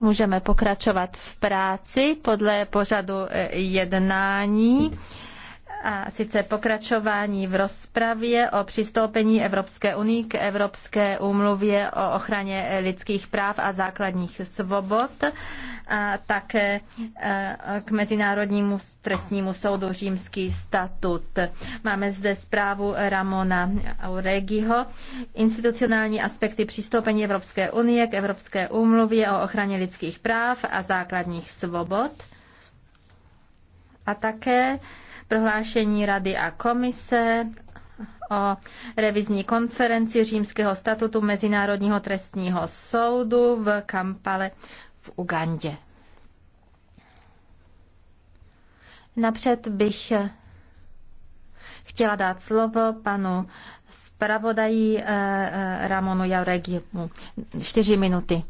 Můžeme pokračovat v práci podle pořadu eh, jednání a sice pokračování v rozpravě o přistoupení Evropské unii k Evropské úmluvě o ochraně lidských práv a základních svobod a také e, k Mezinárodnímu trestnímu soudu Římský statut. Máme zde zprávu Ramona Auregiho. Institucionální aspekty přistoupení Evropské unie k Evropské úmluvě o ochraně lidských práv a základních svobod. A také prohlášení Rady a komise o revizní konferenci Římského statutu Mezinárodního trestního soudu v Kampale v Ugandě. Napřed bych chtěla dát slovo panu zpravodají eh, eh, Ramonu Jauregimu. Čtyři minuty.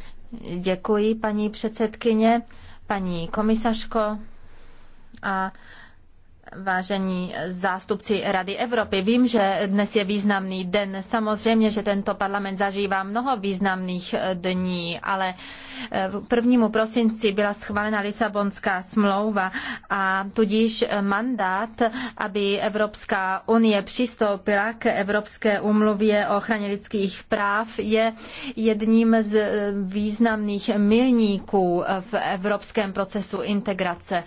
Děkuji, paní předsedkyně, paní komisařko a Vážení zástupci Rady Evropy, vím, že dnes je významný den. Samozřejmě, že tento parlament zažívá mnoho významných eh, dní, ale k eh, prvnímu prosinci byla schválena Lisabonská smlouva a tudíž mandát, aby Evropská unie přistoupila k Evropské umluvě o ochraně lidských práv, je jedním z eh, významných milníků v evropském procesu integrace.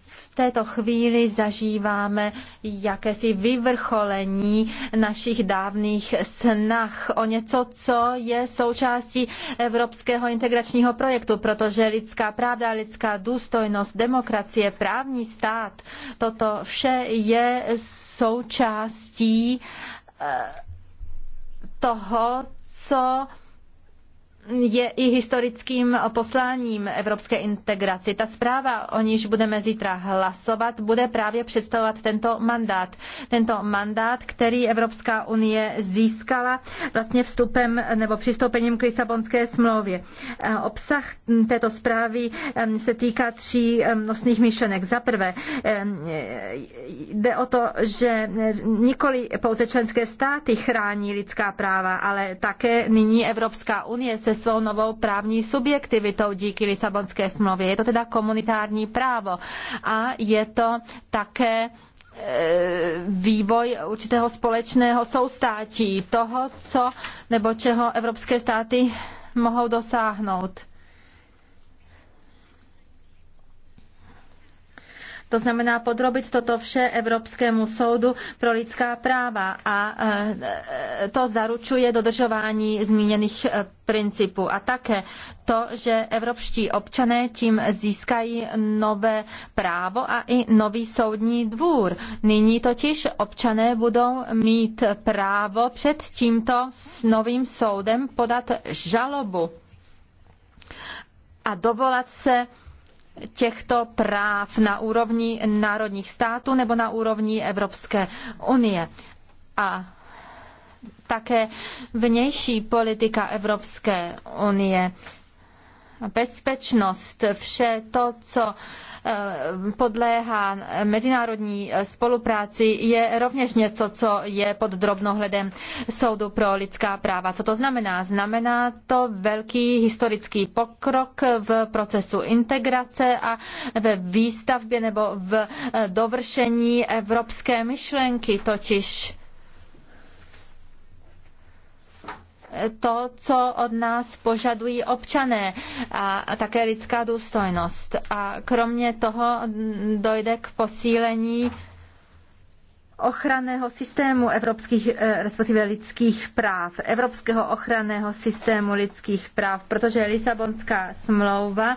V této chvíli za zažíváme jakési vyvrcholení našich dávných snah o něco, co je součástí evropského integračního projektu, protože lidská pravda, lidská důstojnost, demokracie, právní stát, toto vše je součástí eh, toho, co je i historickým posláním evropské integraci. Ta zpráva, o níž budeme zítra hlasovat, bude právě představovat tento mandát. Tento mandát, který Evropská unie získala vlastně vstupem nebo přistoupením k Lisabonské smlouvě. E, obsah této zprávy se týká tří nosných myšlenek. Za prvé, jde o to, že nikoli pouze členské státy chrání lidská práva, ale také nyní Evropská unie se svou novou právní subjektivitou díky Lisabonské smlouvě. Je to teda komunitární právo a je to také e, vývoj určitého společného soustátí toho, co nebo čeho evropské státy mohou dosáhnout. To znamená podrobit toto vše Evropskému soudu pro lidská práva a eh, to zaručuje dodržování zmíněných eh, principů a také to, že evropští občané tím získají nové právo a i nový soudní dvůr. Nyní totiž občané budou mít právo před tímto novým soudem podat žalobu a dovolat se těchto práv na úrovni národních států nebo na úrovni Evropské unie. A také vnější politika Evropské unie bezpečnost, vše to, co eh, podléhá mezinárodní spolupráci, je rovněž něco, co je pod drobnohledem Soudu pro lidská práva. Co to znamená? Znamená to velký historický pokrok v procesu integrace a ve výstavbě nebo v eh, dovršení evropské myšlenky, totiž to, co od nás požadují občané a také lidská důstojnost. A kromě toho dojde k posílení ochranného systému evropských, eh, respektive lidských práv, evropského ochranného systému lidských práv, protože Lisabonská smlouva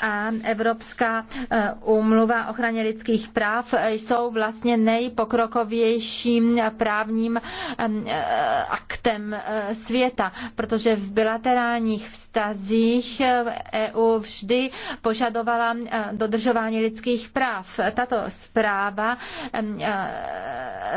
a Evropská eh, úmluva ochraně lidských práv eh, jsou vlastně nejpokrokovějším právním aktem světa, protože v bilaterálních vztazích EU e vždy požadovala dodržování lidských práv. Tato zpráva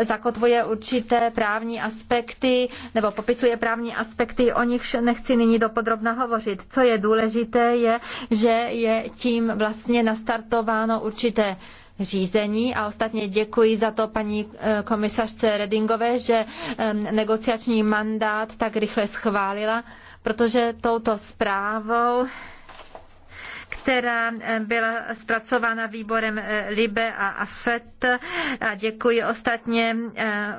zakotvuje určité právní aspekty nebo popisuje právní aspekty, o nichž nechci nyní dopodrobna hovořit. Co je důležité, je, že je tím vlastně nastartováno určité řízení a ostatně děkuji za to paní eh, komisařce Redingové, že negociační mandát tak rychle schválila, protože touto zprávou která eh, byla zpracována výborem eh, Libe a AFET. A děkuji ostatně eh,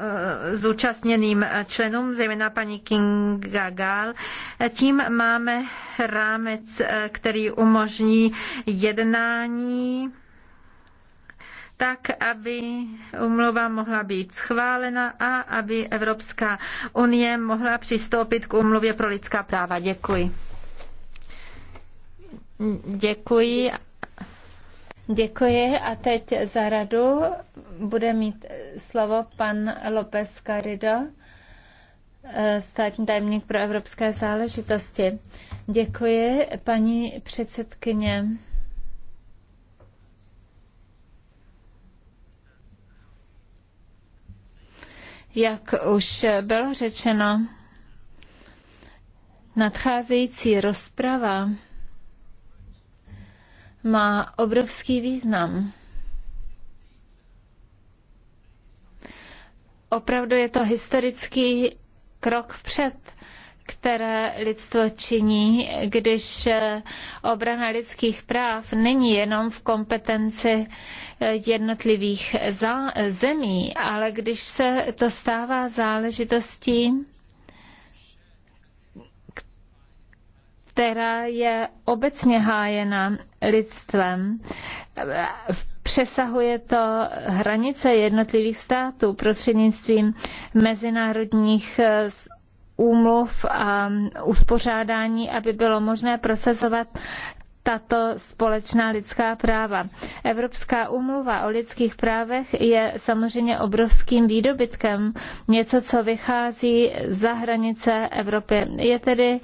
zúčastněným členům, zejména paní Kinga Gál. Tím máme rámec, který umožní jednání tak, aby umluva mohla být schválena a aby Evropská unie mohla přistoupit k umluvě pro lidská práva. Děkuji. Děkuji. Děkuji a teď za radu bude mít slovo pan López Carido, eh, státní tajemník pro evropské záležitosti. Děkuji, paní předsedkyně. Jak už bylo řečeno, nadcházející rozprava má obrovský význam. Opravdu je to historický krok vpřed, které lidstvo činí, když obrana lidských práv není jenom v kompetenci jednotlivých zemí, ale když se to stává záležitostí která je obecně hájena lidstvem. Přesahuje to hranice jednotlivých států prostřednictvím mezinárodních eh, úmluv a mm, uspořádání, aby bylo možné prosazovat tato společná lidská práva. Evropská úmluva o lidských právech je samozřejmě obrovským výdobytkem, něco, co vychází za hranice Evropy. Je tedy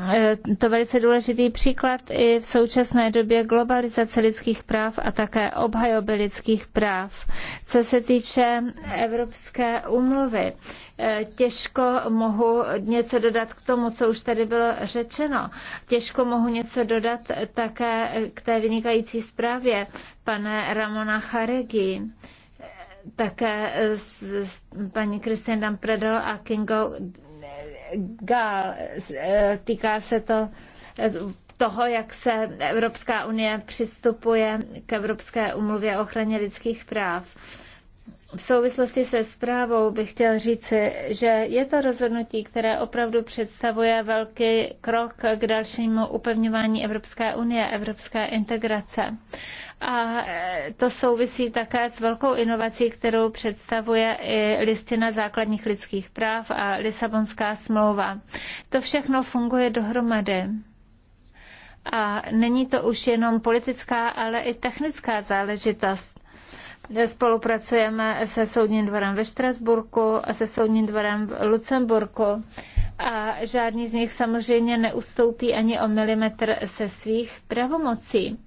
Eh, to velice důležitý příklad i v současné době globalizace lidských práv a také obhajoby lidských práv. Co se týče Evropské úmluvy, eh, těžko mohu něco dodat k tomu, co už tady bylo řečeno. Těžko mohu něco dodat také k té vynikající zprávě pane Ramona Charegi eh, také s, s paní Kristendam Dampredo a Kingo Gál. Týká se to toho, jak se Evropská unie přistupuje k Evropské umluvě o ochraně lidských práv v souvislosti se zprávou bych chtěl říci, že je to rozhodnutí, které opravdu představuje velký krok k dalšímu upevňování Evropské unie, evropské integrace. A to souvisí také s velkou inovací, kterou představuje i listina základních lidských práv a Lisabonská smlouva. To všechno funguje dohromady. A není to už jenom politická, ale i technická záležitost. Spolupracujeme se Soudním dvorem ve Štrasburku a se Soudním dvorem v Lucemburku a žádný z nich samozřejmě neustoupí ani o milimetr se svých pravomocí.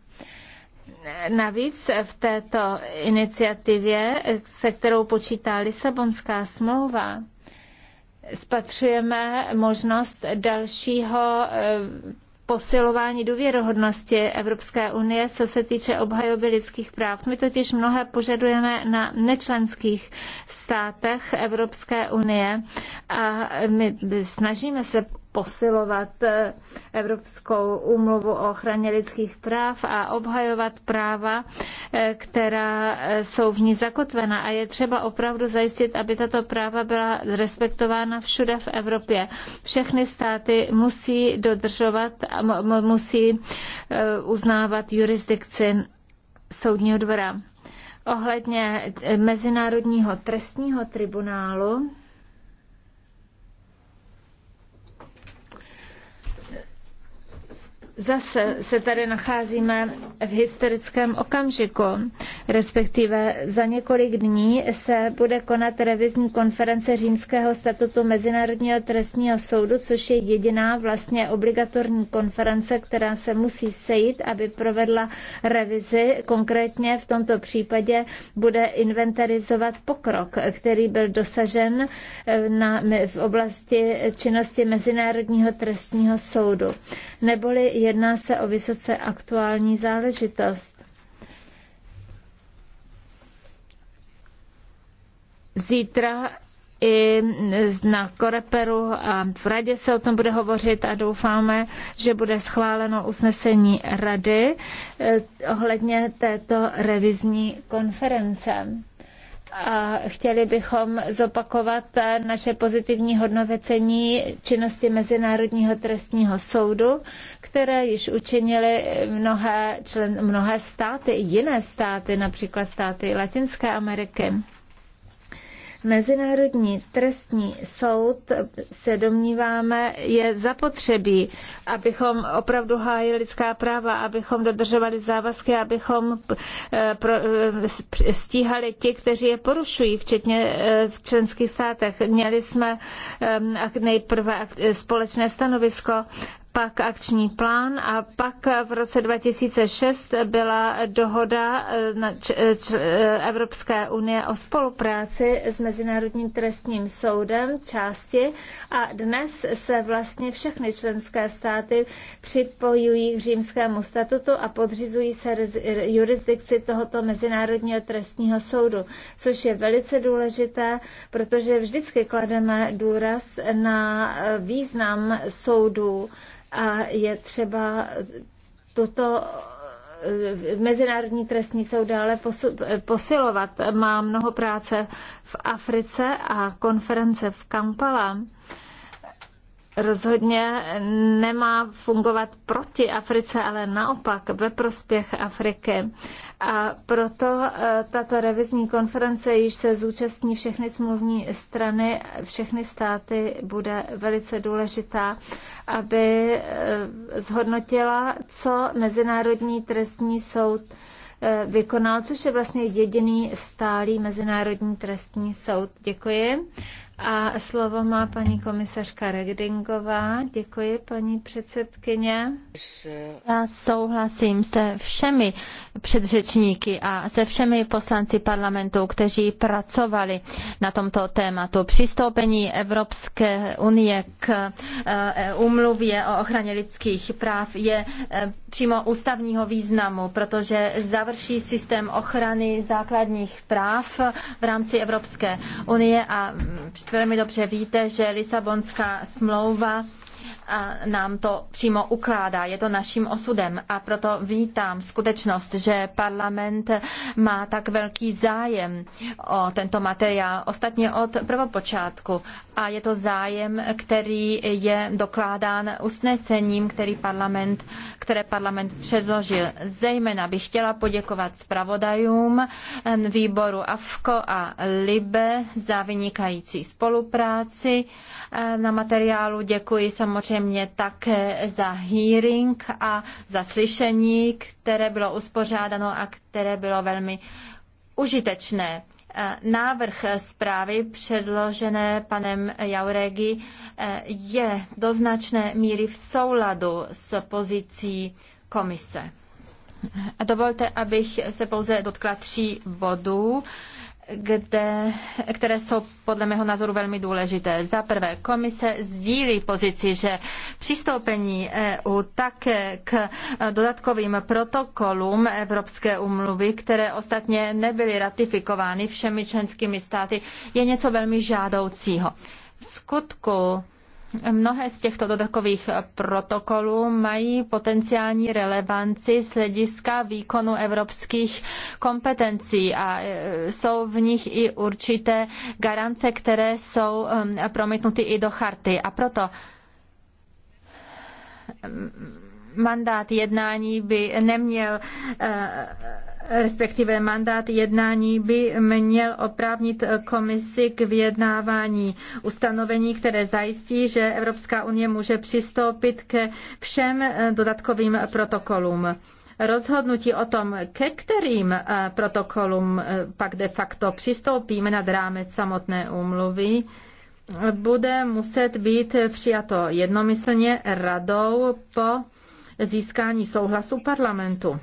Navíc v této iniciativě, se kterou počítá Lisabonská smlouva, spatřujeme možnost dalšího eh, posilování důvěryhodnosti Evropské unie, co se týče obhajoby lidských práv. My totiž mnohé požadujeme na nečlenských státech Evropské unie a my snažíme se posilovat eh, Evropskou úmluvu o ochraně lidských práv a obhajovat práva, eh, která eh, jsou v ní zakotvena. A je třeba opravdu zajistit, aby tato práva byla respektována všude v Evropě. Všechny státy musí dodržovat, a musí uznávat jurisdikci soudního dvora. Ohledně Mezinárodního trestního tribunálu, Zase se tady nacházíme v historickém okamžiku, respektive za několik dní se bude konat revizní konference Římského statutu Mezinárodního trestního soudu, což je jediná vlastně obligatorní konference, která se musí sejít, aby provedla revizi. Konkrétně v tomto případě bude inventarizovat pokrok, který byl dosažen eh, na, v oblasti činnosti Mezinárodního trestního soudu. Neboli jedná se o vysoce aktuální záležitost. Zítra i na Koreperu a v radě se o tom bude hovořit a doufáme, že bude schváleno usnesení rady eh, ohledně této revizní konference a chtěli bychom zopakovat naše pozitivní hodnocení činnosti Mezinárodního trestního soudu, které již učinili mnohé, člen, mnohé státy, jiné státy, například státy Latinské Ameriky. Mezinárodní trestní soud se domníváme je zapotřebí, abychom opravdu hájili lidská práva, abychom dodržovali závazky, abychom eh, eh, stíhali ti, kteří je porušují, včetně eh, v členských státech. Měli jsme nejprve společné stanovisko pak akční plán a pak v roce 2006 byla dohoda eh, eh, eh, Evropské unie o spolupráci s Mezinárodním trestním soudem části a dnes se vlastně všechny členské státy připojují k římskému statutu a podřizují se jurisdikci tohoto Mezinárodního trestního soudu, což je velice důležité, protože vždycky klademe důraz na význam soudů a je třeba tuto eh, Mezinárodní trestní soud dále posilovat. Má mnoho práce v Africe a konference v Kampala rozhodně nemá fungovat proti Africe, ale naopak ve prospěch Afriky. A proto e, tato revizní konference, již se zúčastní všechny smluvní strany, všechny státy, bude velice důležitá, aby e, zhodnotila, co Mezinárodní trestní soud e, vykonal, což je vlastně jediný stálý Mezinárodní trestní soud. Děkuji. A slovo má paní komisařka Regdingová. Děkuji, paní předsedkyně. Já souhlasím se všemi předřečníky a se všemi poslanci parlamentu, kteří pracovali na tomto tématu. Přistoupení Evropské unie k umluvě eh, o ochraně lidských práv je eh, přímo ústavního významu, protože završí systém ochrany základních práv v rámci Evropské unie a Velmi dobře víte, že Lisabonská smlouva nám to přímo ukládá, je to naším osudem a proto vítám skutečnost, že parlament má tak velký zájem o tento materiál, ostatně od prvopočátku a je to zájem, který je dokládán usnesením, který parlament, které parlament předložil. Zejména bych chtěla poděkovat zpravodajům výboru AFKO a LIBE za vynikající spolupráci na materiálu. Děkuji samozřejmě také za hearing a za slyšení, které bylo uspořádáno a které bylo velmi užitečné. Eh, návrh zprávy předložené panem Jauregi eh, je do značné míry v souladu s pozicí komise. Dovolte, abych se pouze dotkla tří bodů kde, které jsou podle mého názoru velmi důležité. Za prvé, komise sdílí pozici, že přistoupení EU také k dodatkovým protokolům Evropské umluvy, které ostatně nebyly ratifikovány všemi členskými státy, je něco velmi žádoucího. V skutku Mnohé z těchto dodatkových protokolů mají potenciální relevanci z hlediska výkonu evropských kompetencí a e, jsou v nich i určité garance, které jsou promítnuty i do charty. A proto mandát jednání by neměl e, respektive mandát jednání by měl oprávnit komisi k vyjednávání ustanovení, které zajistí, že Evropská unie může přistoupit ke všem dodatkovým protokolům. Rozhodnutí o tom, ke kterým eh, protokolům eh, pak de facto přistoupíme nad rámec samotné úmluvy, bude muset být přijato jednomyslně radou po získání souhlasu parlamentu.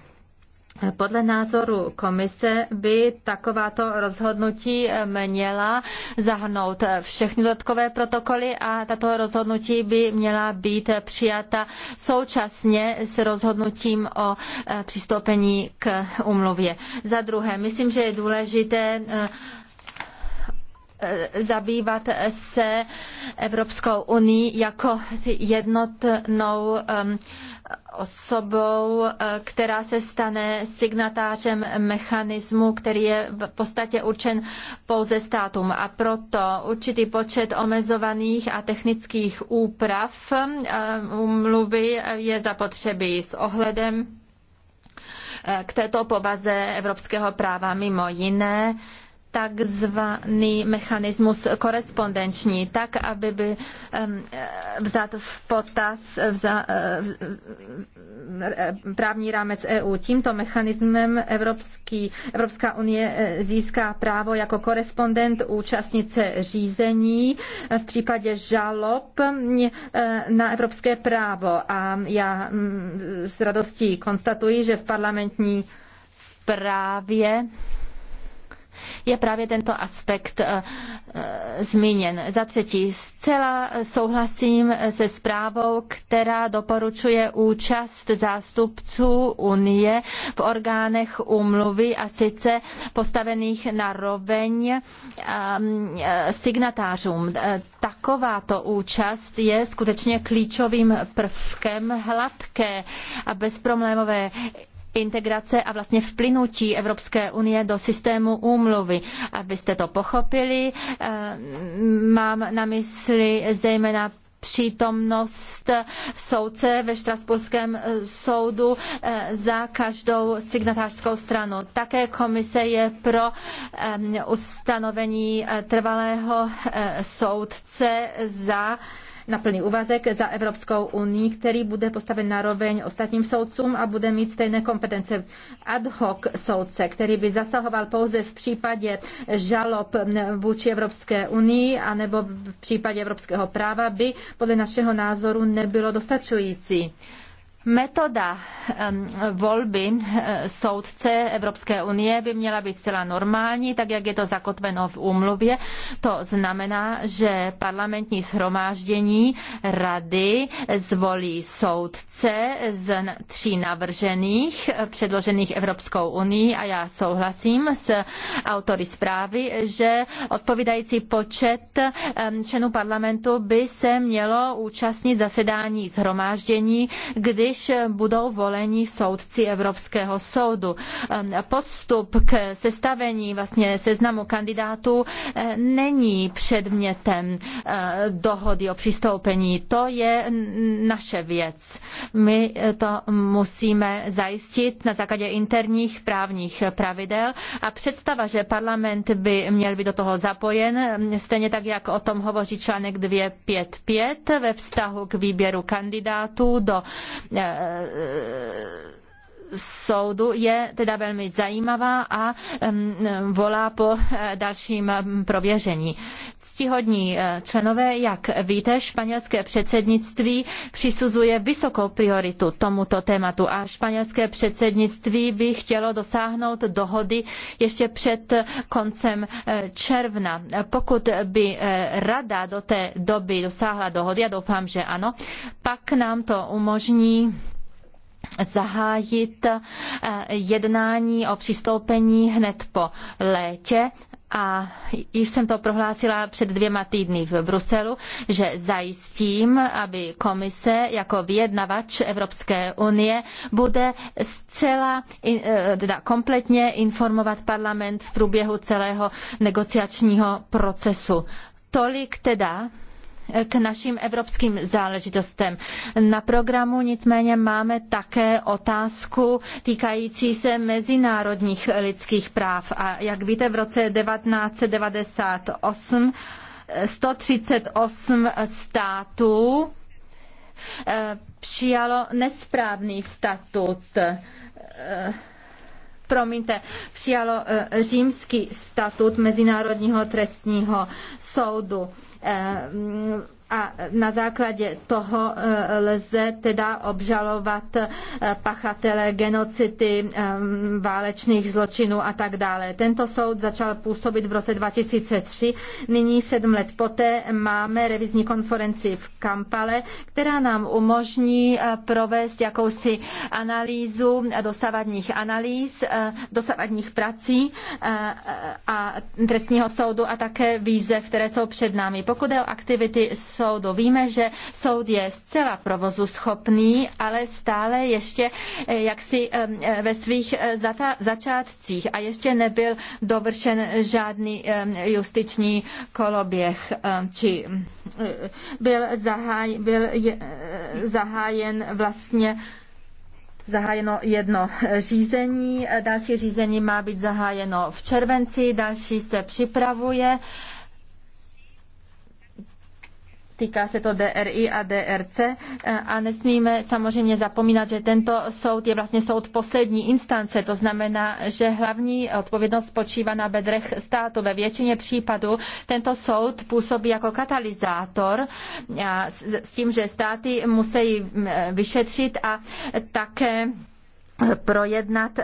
Podle názoru komise by takováto rozhodnutí měla zahrnout všechny dodatkové protokoly a tato rozhodnutí by měla být přijata současně s rozhodnutím o eh, přistoupení k umluvě. Za druhé, myslím, že je důležité eh, eh, zabývat se Evropskou unii jako jednotnou osobou, eh, která se stane signatářem mechanismu, který je v podstatě určen pouze státům. A proto určitý počet omezovaných a technických úprav umluvy eh, je zapotřebí s ohledem eh, k této povaze evropského práva mimo jiné takzvaný mechanismus korespondenční, tak, aby by eh, vzat v potaz eh, eh, právní rámec EU. Tímto mechanismem Evropský, Evropská unie získá právo jako korespondent účastnice řízení v případě žalob na evropské právo. A já mm, s radostí konstatuji, že v parlamentní zprávě je právě tento aspekt eh, eh, zmíněn. Za třetí, zcela souhlasím se zprávou, která doporučuje účast zástupců Unie v orgánech úmluvy a sice postavených na roveň ehm, eh, signatářům. Takováto účast je skutečně klíčovým prvkem hladké a bezproblémové integrace a vlastně vplynutí Evropské unie do systému úmluvy. Abyste to pochopili, eh, mám na mysli zejména přítomnost soudce ve Štrasburském eh, soudu eh, za každou signatářskou stranu. Také komise je pro ustanovení trvalého soudce za na plný úvazek za Evropskou unii, který bude postaven na roveň ostatním soudcům a bude mít stejné kompetence ad hoc soudce, který by zasahoval pouze v případě žalob vůči Evropské unii anebo v případě evropského práva by podle našeho názoru nebylo dostačující. Metoda volby soudce Evropské unie by měla být zcela normální, tak jak je to zakotveno v úmluvě. To znamená, že parlamentní shromáždění rady zvolí soudce z tří navržených, předložených Evropskou unii a já souhlasím s autory zprávy, že odpovídající počet členů parlamentu by se mělo účastnit zasedání shromáždění, kdy když budou voleni soudci Evropského soudu. Postup k sestavení vlastně seznamu kandidátů eh, není předmětem eh, dohody o přistoupení. To je naše věc. My eh, to musíme zajistit na základě interních právních pravidel a představa, že parlament by měl být do toho zapojen, stejně tak, jak o tom hovoří článek 255 ve vztahu k výběru kandidátů do Eh, eh, soudu je teda velmi zajímavá a volá po eh, dalším prověření. Ctihodní eh, členové, jak víte, španělské předsednictví přisuzuje vysokou prioritu tomuto tématu a španělské předsednictví by chtělo dosáhnout dohody ještě před koncem eh, června. Pokud by eh, rada do té doby dosáhla dohody, já doufám, že ano, pak nám to umožní zahájit jednání o přistoupení hned po létě a již jsem to prohlásila před dvěma týdny v Bruselu, že zajistím, aby komise jako vyjednavač Evropské unie bude zcela eh, teda kompletně informovat parlament v průběhu celého negociačního procesu. Tolik teda k našim evropským záležitostem. Na programu nicméně máme také otázku týkající se mezinárodních lidských práv. A jak víte, v roce 1998 138 států eh, přijalo nesprávný statut eh, promiňte, přijalo eh, římský statut Mezinárodního trestního soudu. Eh, a na základě toho eh, lze teda obžalovat eh, pachatele genocidy, eh, válečných zločinů a tak dále. Tento soud začal působit v roce 2003, nyní sedm let poté máme revizní konferenci v Kampale, která nám umožní provést jakousi analýzu dosavadních analýz, dosavadních prací a trestního soudu a také výzev, které jsou před námi. Pokud je o aktivity soudu. Víme, že soud je zcela provozu schopný, ale stále ještě eh, jaksi eh, eh, ve svých začátcích a ještě nebyl dovršen žádný justiční koloběh či byl, zaháj, byl je, zahájen vlastně zahájeno jedno řízení, další řízení má být zahájeno v červenci, další se připravuje Týká se to DRI a DRC eh, a nesmíme samozřejmě zapomínat, že tento soud je vlastně soud poslední instance. To znamená, že hlavní odpovědnost spočívá na bedrech státu. Ve většině případů tento soud působí jako katalyzátor eh, s tím, že státy musí mm, eh, vyšetřit a také projednat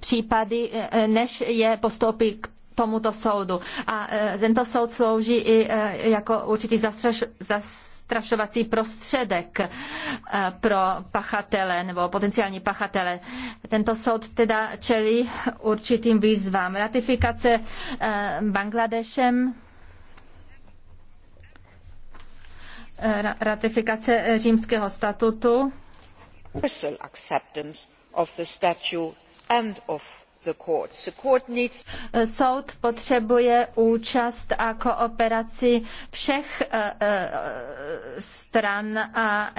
případy, než je postoupí k tomuto soudu. A e, tento soud slouží i e, jako určitý zastraš, zastrašovací prostředek e, pro pachatele nebo potenciální pachatele. Tento soud teda čelí určitým výzvám. Ratifikace Bangladešem ratifikace římského statutu. acceptance of the and of Eh, soud potřebuje účast a kooperaci všech eh, eh, stran a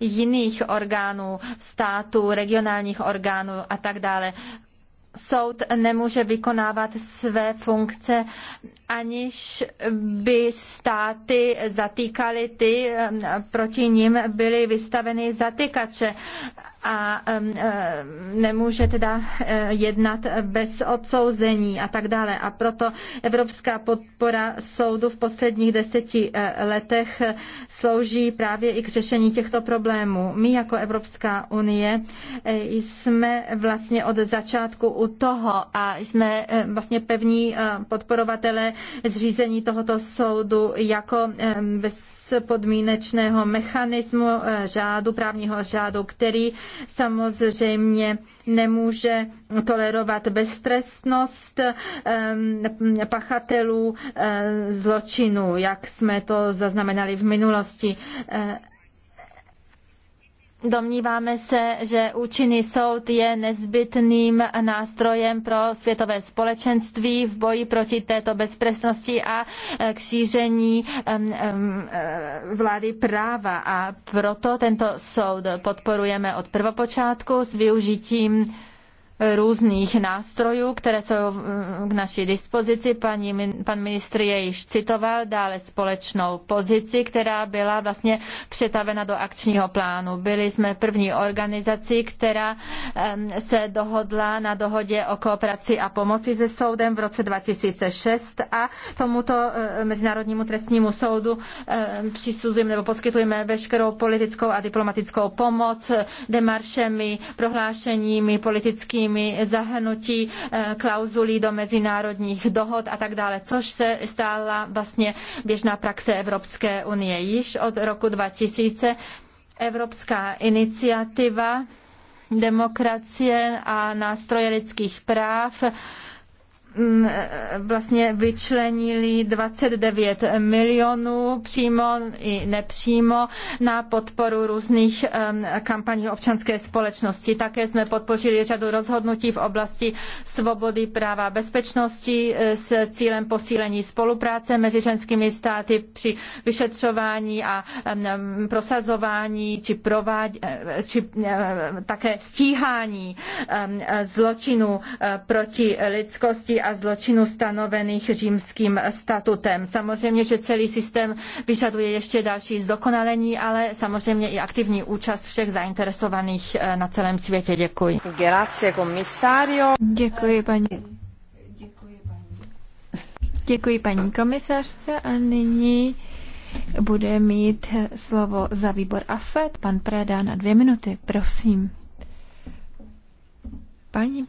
jiných orgánů státu, regionálních orgánů a tak dále soud nemůže vykonávat své funkce, aniž by státy zatýkaly ty, proti nim byly vystaveny zatykače a nemůže teda e, jednat bez odsouzení a tak dále. A proto evropská podpora soudu v posledních deseti e, letech slouží právě i k řešení těchto problémů. My jako Evropská unie e, jsme vlastně od začátku u toho a jsme eh, vlastně pevní eh, podporovatele zřízení tohoto soudu jako eh, podmínečného mechanismu řádu, právního řádu, který samozřejmě nemůže tolerovat beztrestnost pachatelů zločinu, jak jsme to zaznamenali v minulosti. Domníváme se, že účinný soud je nezbytným nástrojem pro světové společenství v boji proti této bezpresnosti a e, k šíření e, vlády práva. A proto tento soud podporujeme od prvopočátku s využitím různých nástrojů, které jsou k naší dispozici. Paní, pan ministr je již citoval dále společnou pozici, která byla vlastně přetavena do akčního plánu. Byli jsme první organizací, která se dohodla na dohodě o kooperaci a pomoci se soudem v roce 2006 a tomuto eh, Mezinárodnímu trestnímu soudu eh, přisuzujeme nebo poskytujeme veškerou politickou a diplomatickou pomoc demaršemi, prohlášeními, politickými nimi zahrnutí eh, klauzulí do mezinárodních dohod a tak dále, což se stala vlastně běžná praxe Evropské unie. Již od roku 2000 Evropská iniciativa demokracie a nástroje lidských práv Mm, vlastně vyčlenili 29 milionů přímo i nepřímo na podporu různých kampaní občanské společnosti. Také jsme podpořili řadu rozhodnutí v oblasti svobody, práva a bezpečnosti e, s cílem posílení spolupráce mezi ženskými státy při vyšetřování a prosazování či, provádě, e, či e, také stíhání zločinů proti lidskosti a zločinu stanovených římským statutem. Samozřejmě, že celý systém vyžaduje ještě další zdokonalení, ale samozřejmě i aktivní účast všech zainteresovaných eh, na celém světě. Děkuji. Grazie, komisario. Děkuji, paní. Děkuji, paní. Děkuji paní komisařce a nyní bude mít slovo za výbor AFET pan Preda na dvě minuty. Prosím. Paní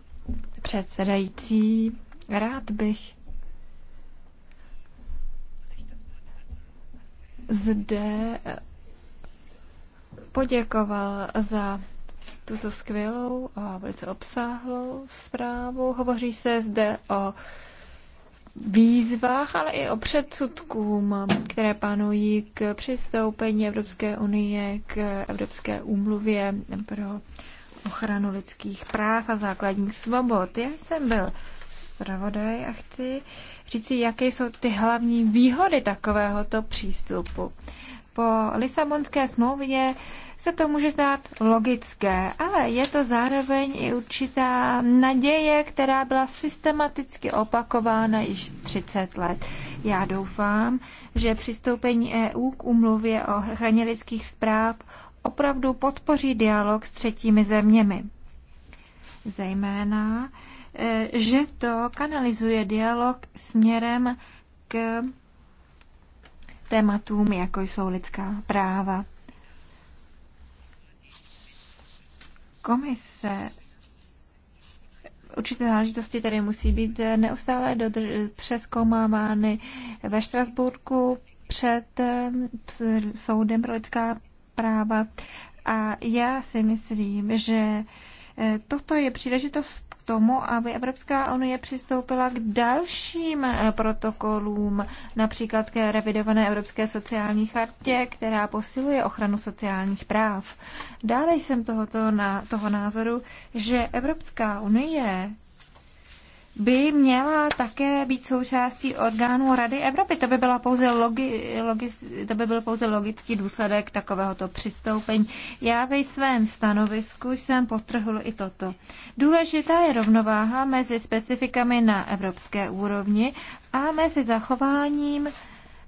předsedající, Rád bych zde poděkoval za tuto skvělou a velice obsáhlou zprávu. Hovoří se zde o výzvách, ale i o předsudkům, které panují k přistoupení Evropské unie k Evropské úmluvě pro ochranu lidských práv a základních svobod. Já jsem byl zpravodaj a chci říct, jaké jsou ty hlavní výhody takovéhoto přístupu. Po Lisabonské smlouvě se to může zdát logické, ale je to zároveň i určitá naděje, která byla systematicky opakována již 30 let. Já doufám, že přistoupení EU k umluvě o hraně lidských zpráv opravdu podpoří dialog s třetími zeměmi. Zejména Eh, že to kanalizuje dialog směrem k tématům, jako jsou lidská práva. Komise určité záležitosti tedy musí být neustále dodrž- přeskoumávány ve Štrasburku před eh, soudem pro lidská práva. A já si myslím, že eh, toto je příležitost tomu, aby Evropská unie přistoupila k dalším eh, protokolům, například k revidované Evropské sociální chartě, která posiluje ochranu sociálních práv. Dále jsem tohoto na, toho názoru, že Evropská unie by měla také být součástí orgánů Rady Evropy. To by, byla pouze logi, logi, to by byl pouze logický důsledek takovéhoto přistoupení. Já ve svém stanovisku jsem potrhl i toto. Důležitá je rovnováha mezi specifikami na evropské úrovni a mezi zachováním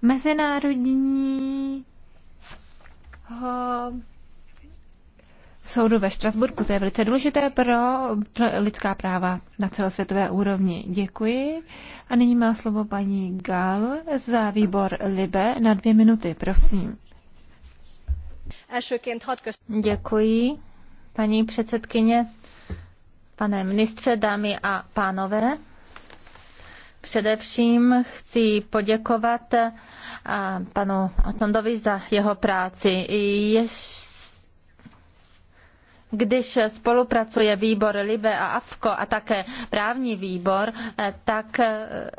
mezinárodního soudu ve Štrasburku. To je velice důležité pro lidská práva na celosvětové úrovni. Děkuji. A nyní má slovo paní Gal za výbor Libe na dvě minuty, prosím. Děkuji, paní předsedkyně, pane ministře, dámy a pánové. Především chci poděkovat panu Otondovi za jeho práci. Jež když spolupracuje výbor Libe a AFKO a také právní výbor, eh, tak eh,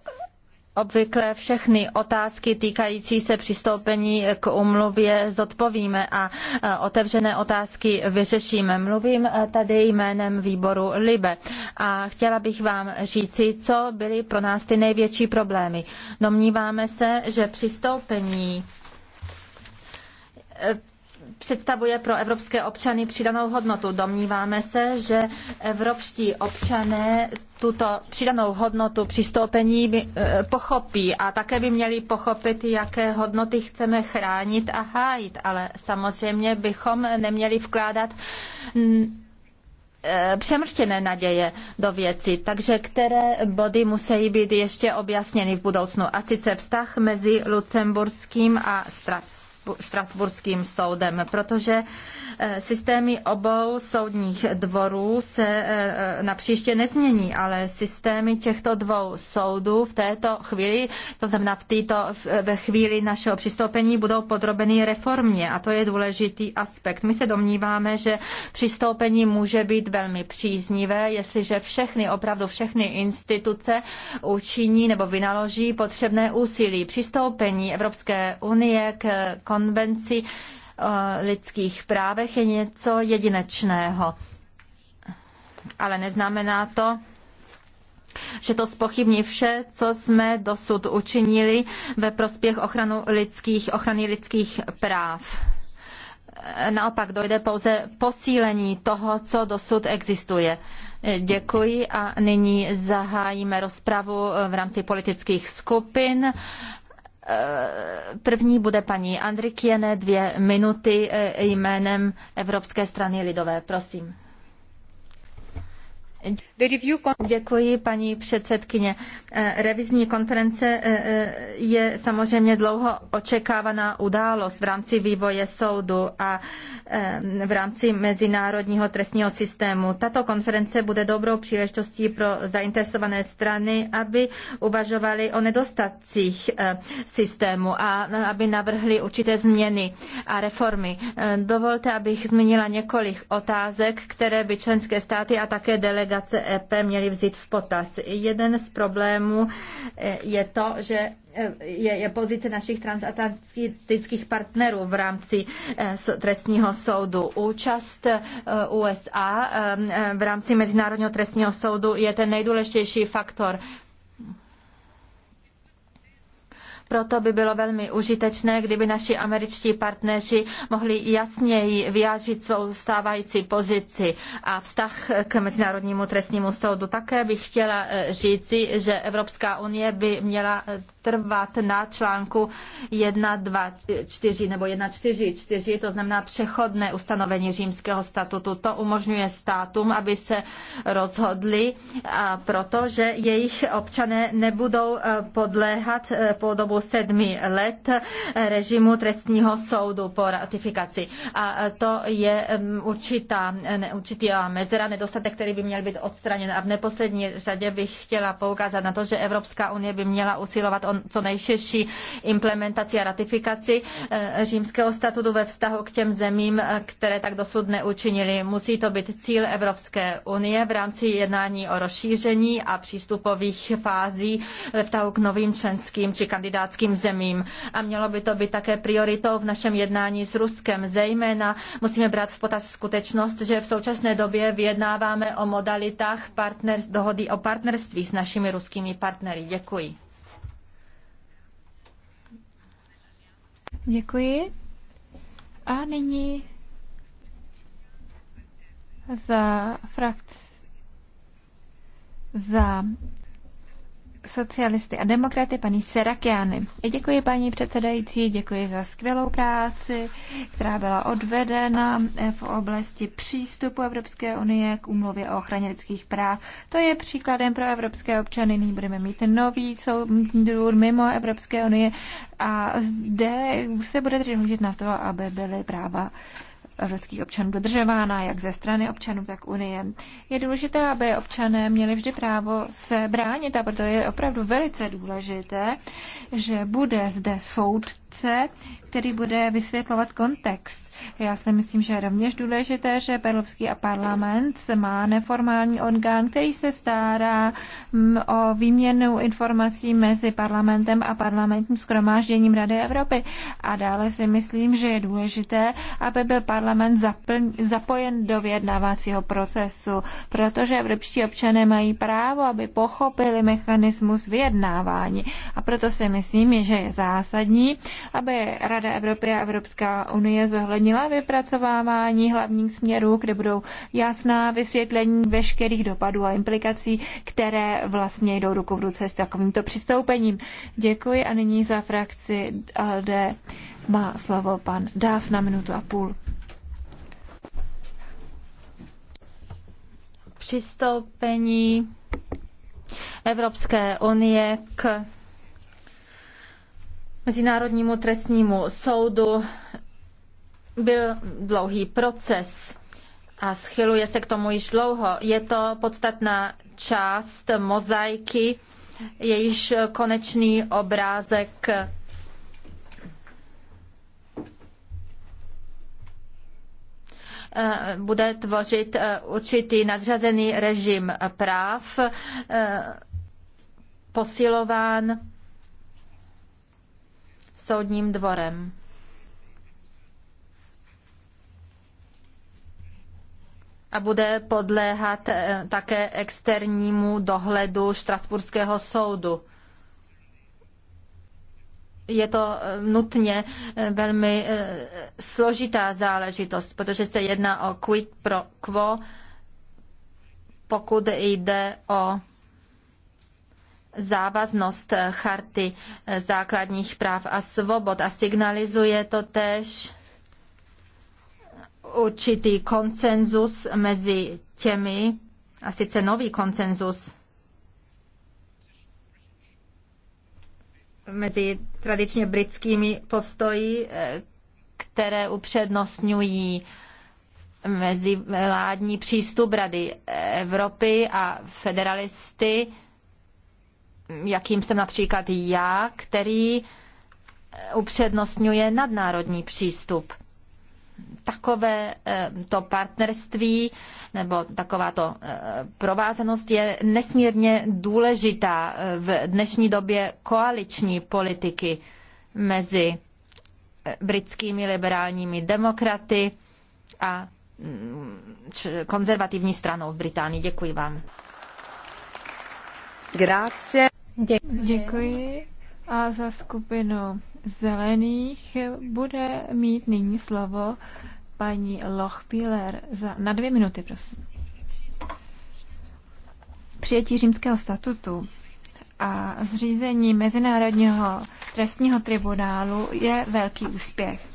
obvykle všechny otázky týkající se přistoupení k umluvě zodpovíme a eh, otevřené otázky vyřešíme. Mluvím tady jménem výboru Libe a chtěla bych vám říci, co byly pro nás ty největší problémy. Domníváme se, že přistoupení představuje pro evropské občany přidanou hodnotu. Domníváme se, že evropští občané tuto přidanou hodnotu přistoupení eh, pochopí a také by měli pochopit, jaké hodnoty chceme chránit a hájit, ale samozřejmě bychom neměli vkládat mm, eh, přemrštěné naděje do věci, takže které body musí být ještě objasněny v budoucnu. A sice vztah mezi lucemburským a Stras Štrasburským soudem, protože eh, systémy obou soudních dvorů se eh, eh, napříště nezmění, ale systémy těchto dvou soudů v této chvíli, to znamená v této, ve chvíli našeho přistoupení, budou podrobeny reformě a to je důležitý aspekt. My se domníváme, že přistoupení může být velmi příznivé, jestliže všechny, opravdu všechny instituce učiní nebo vynaloží potřebné úsilí. Přistoupení Evropské unie k konvenci o lidských právech je něco jedinečného. Ale neznamená to, že to spochybní vše, co jsme dosud učinili ve prospěch ochranu lidských, ochrany lidských práv. Naopak dojde pouze posílení toho, co dosud existuje. Děkuji a nyní zahájíme rozpravu v rámci politických skupin. Eh, první bude paní Andrikiene, dvě minuty eh, jménem Evropské strany lidové. Prosím. Děkuji, paní předsedkyně. Eh, revizní konference eh, eh, je samozřejmě dlouho očekávaná událost v rámci vývoje soudu a v rámci mezinárodního trestního systému. Tato konference bude dobrou příležitostí pro zainteresované strany, aby uvažovali o nedostatcích systému a aby navrhli určité změny a reformy. Dovolte, abych zmínila několik otázek, které by členské státy a také delegace delegace EP měli vzít v potaz. Jeden z problémů eh, je to, že eh, je, je pozice našich transatlantických partnerů v rámci eh, trestního soudu. Účast USA v rámci Mezinárodního trestního soudu je ten nejdůležitější faktor Proto by bylo velmi užitečné, kdyby naši američtí partneři mohli jasněji vyjádřit svou stávající pozici a vztah k Mezinárodnímu trestnímu soudu. Také bych chtěla eh, říci, že Evropská unie by měla eh, trvat na článku 1, 2, 4 nebo 1, 4, 4, to znamená přechodné ustanovení římského statutu. To umožňuje státům, aby se rozhodli, protože jejich občané nebudou eh, podléhat po dobu sedmi let režimu trestního soudu po ratifikaci. A to je mm, určitá, určitý mezera, nedostatek, který by měl být odstraněn. A v neposlední řadě bych chtěla poukázat na to, že Evropská unie by měla usilovat o co nejširší implementaci a ratifikaci eh, římského statutu ve vztahu k těm zemím, eh, které tak dosud neučinili. Musí to být cíl Evropské unie v rámci jednání o rozšíření a přístupových fází ve vztahu k novým členským či kandidátům kandidátským zemím. A mělo by to být také prioritou v našem jednání s Ruskem. Zejména musíme brát v potaz skutečnost, že v současné době vyjednáváme o modalitách partner, dohody o partnerství s našimi ruskými partnery. Děkuji. Děkuji. A nyní za frakci za socialisty a demokraty paní Serakiany. Děkuji paní předsedající, děkuji za skvělou práci, která byla odvedena eh, v oblasti přístupu Evropské unie k úmluvě o ochraně lidských práv. To je příkladem pro evropské občany. Nyní budeme mít nový soudní mimo Evropské unie a zde se bude držet na to, aby byly práva evropských občanů dodržována, jak ze strany občanů, tak Unie. Je důležité, aby občané měli vždy právo se bránit a proto je opravdu velice důležité, že bude zde soudce, který bude vysvětlovat kontext. Já si myslím, že je rovněž důležité, že Evropský parlament má neformální orgán, který se stará mm, o výměnu informací mezi parlamentem a parlamentním skromážděním Rady Evropy. A dále si myslím, že je důležité, aby byl parlament zapojen do vyjednávacího procesu, protože evropští občané mají právo, aby pochopili mechanismus vyjednávání. A proto si myslím, že je zásadní, aby Rada Rada Evropy a Evropská unie zohlednila vypracovávání hlavních směrů, kde budou jasná vysvětlení veškerých dopadů a implikací, které vlastně jdou ruku v ruce s takovýmto přistoupením. Děkuji a nyní za frakci ALDE má slovo pan Dáv na minutu a půl. Přistoupení Evropské unie k Mezinárodnímu trestnímu soudu byl dlouhý proces a schyluje se k tomu již dlouho. Je to podstatná část mozaiky, jejíž konečný obrázek bude tvořit určitý nadřazený režim práv, posilován soudním dvorem. a bude podléhat eh, také externímu dohledu Štrasburského soudu. Je to eh, nutně eh, velmi složitá záležitost, protože se jedná o quid pro quo, pokud jde o závaznost charty základních práv a svobod a signalizuje to též určitý konsenzus mezi těmi, a sice nový konsenzus mezi tradičně britskými postoji, které upřednostňují mezivládní přístup Rady Evropy a federalisty jakým jsem například já, který eh, upřednostňuje nadnárodní přístup. Takové eh, to partnerství nebo taková to eh, provázenost je nesmírně důležitá v dnešní době koaliční politiky mezi britskými liberálními demokraty a mm, konzervativní stranou v Británii. Děkuji vám. Grazie. Děkuji. Děkuji. A za skupinu zelených bude mít nyní slovo paní Lochpiller za, na dvě minuty, prosím. Přijetí římského statutu a zřízení Mezinárodního trestního tribunálu je velký úspěch.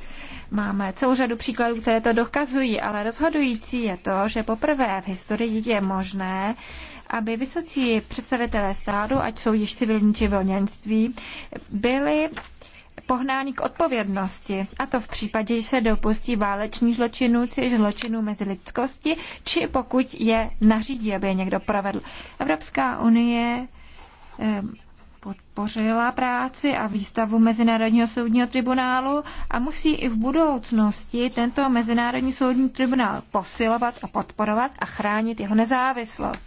Máme celou řadu příkladů, které to dokazují, ale rozhodující je to, že poprvé v historii je možné, aby vysocí představitelé státu, ať jsou již civilní či volněnství, byli pohnáni k odpovědnosti, a to v případě, že se dopustí váleční zločinů či zločinů mezi lidskosti, či pokud je nařídí, aby je někdo provedl. Evropská unie eh, podpořila práci a výstavu Mezinárodního soudního tribunálu a musí i v budoucnosti tento Mezinárodní soudní tribunál posilovat a podporovat a chránit jeho nezávislost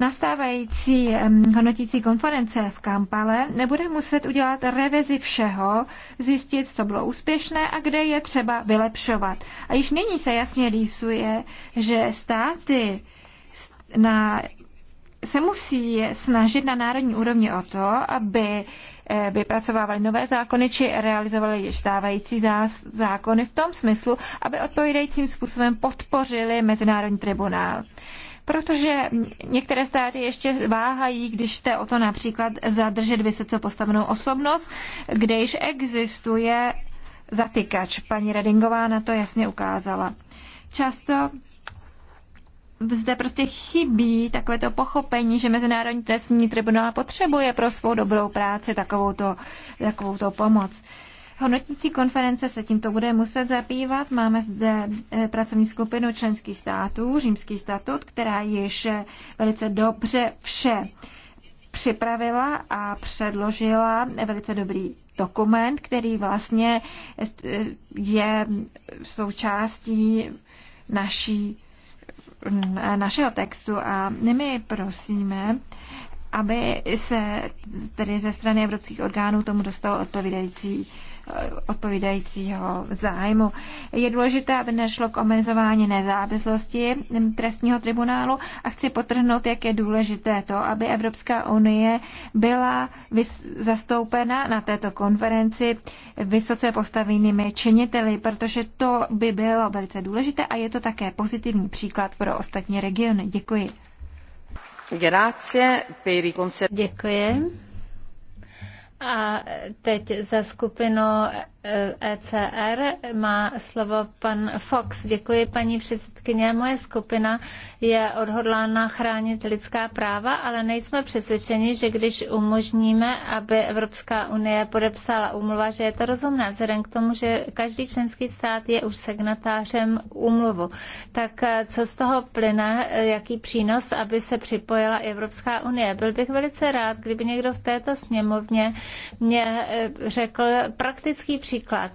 nastávající hodnotící konference v Kampale nebude muset udělat revizi všeho, zjistit, co bylo úspěšné a kde je třeba vylepšovat. A již nyní se jasně rýsuje, že státy na se musí snažit na národní úrovni o to, aby eh, vypracovávali nové zákony či realizovali již stávající zákony v tom smyslu, aby odpovídajícím způsobem podpořili Mezinárodní tribunál protože některé státy ještě váhají, když jste o to například zadržet vysoce postavenou osobnost, kde již existuje zatykač. Paní Redingová na to jasně ukázala. Často zde prostě chybí takové to pochopení, že Mezinárodní trestní tribunál potřebuje pro svou dobrou práci takovouto, takovouto pomoc. Hodnotící konference se tímto bude muset zabývat. Máme zde eh, pracovní skupinu členských států, římský statut, která již eh, velice dobře vše připravila a předložila velice dobrý dokument, který vlastně eh, je součástí naší, našeho textu. A my prosíme, aby se tedy ze strany evropských orgánů tomu dostalo odpovídající odpovídajícího zájmu. Je důležité, aby nešlo k omezování nezávislosti trestního tribunálu a chci potrhnout, jak je důležité to, aby Evropská unie byla zastoupena na této konferenci vysoce postavenými činiteli, protože to by bylo velice důležité a je to také pozitivní příklad pro ostatní regiony. Děkuji. Grazie per i Děkuji a teď za skupinu ECR eh, e má slovo pan Fox. Děkuji, paní předsedkyně. Moje skupina je odhodlána chránit lidská práva, ale nejsme přesvědčeni, že když umožníme, aby Evropská unie podepsala úmluva, že je to rozumné, vzhledem k tomu, že každý členský stát je už signatářem úmluvu. Tak eh, co z toho plyne, eh, jaký přínos, aby se připojila Evropská unie? Byl bych velice rád, kdyby někdo v této sněmovně mě řekl praktický příklad, příklad,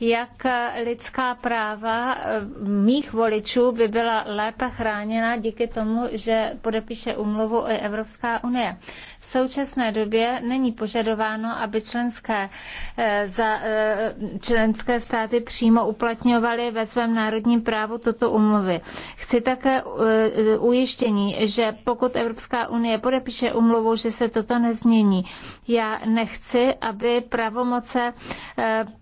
jak lidská práva eh, mých voličů by byla lépe chráněna díky tomu, že podepíše umluvu i Evropská unie. V současné době není požadováno, aby členské, eh, za, eh, členské státy přímo uplatňovaly ve svém národním právu toto umluvy. Chci také eh, ujištění, že pokud Evropská unie podepíše umluvu, že se toto nezmění. Já nechci, aby pravomoce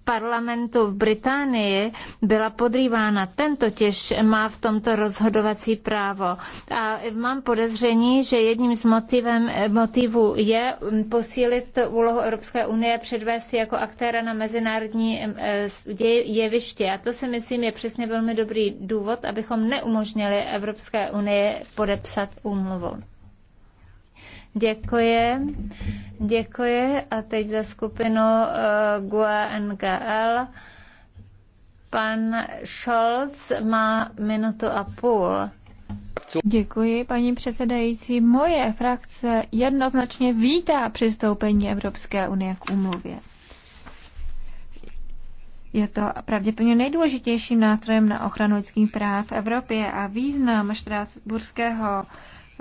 parlamentu v Británii byla podrývána. Ten totiž má v tomto rozhodovací právo. A mám podezření, že jedním z motivem, motivů motivů je mm, posílit úlohu Evropské unie, předvést jako aktéra na mezinárodní eh, jeviště. A to si myslím je přesně velmi dobrý důvod, abychom neumožnili Evropské unie podepsat úmluvu. Děkuji. Děkuji. A teď za skupinu uh, eh, GUA e NGL. Pan Scholz má minutu a půl. Děkuji, paní předsedající. Moje frakce jednoznačně vítá přistoupení Evropské unie k úmluvě. Je to pravděpodobně nejdůležitějším nástrojem na ochranu lidských práv v Evropě a význam Štrásburského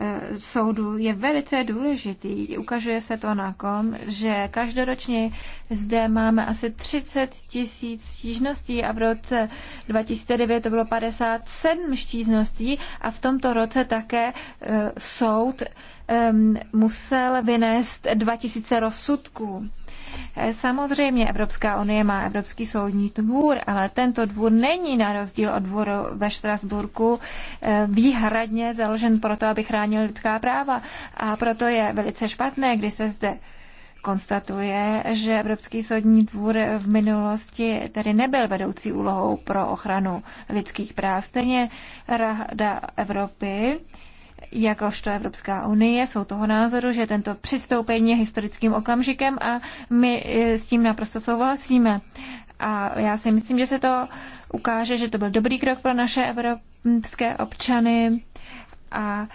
Eh, soudu je velice důležitý. Ukazuje se to na kom, že každoročně zde máme asi 30 tisíc stížností a v roce 2009 to bylo 57 stížností a v tomto roce také eh, soud ehm, musel vynést 2000 rozsudků. Samozřejmě Evropská unie má Evropský soudní dvůr, ale tento dvůr není na rozdíl od dvoru ve Štrasburku eh, výhradně založen proto, aby chránil lidská práva. A proto je velice špatné, když se zde konstatuje, že Evropský soudní dvůr v minulosti tedy nebyl vedoucí úlohou pro ochranu lidských práv. Stejně Rada Evropy jakožto Evropská unie jsou toho názoru, že tento přistoupení je historickým okamžikem a my eh, s tím naprosto souhlasíme. A já si myslím, že se to ukáže, že to byl dobrý krok pro naše evropské občany a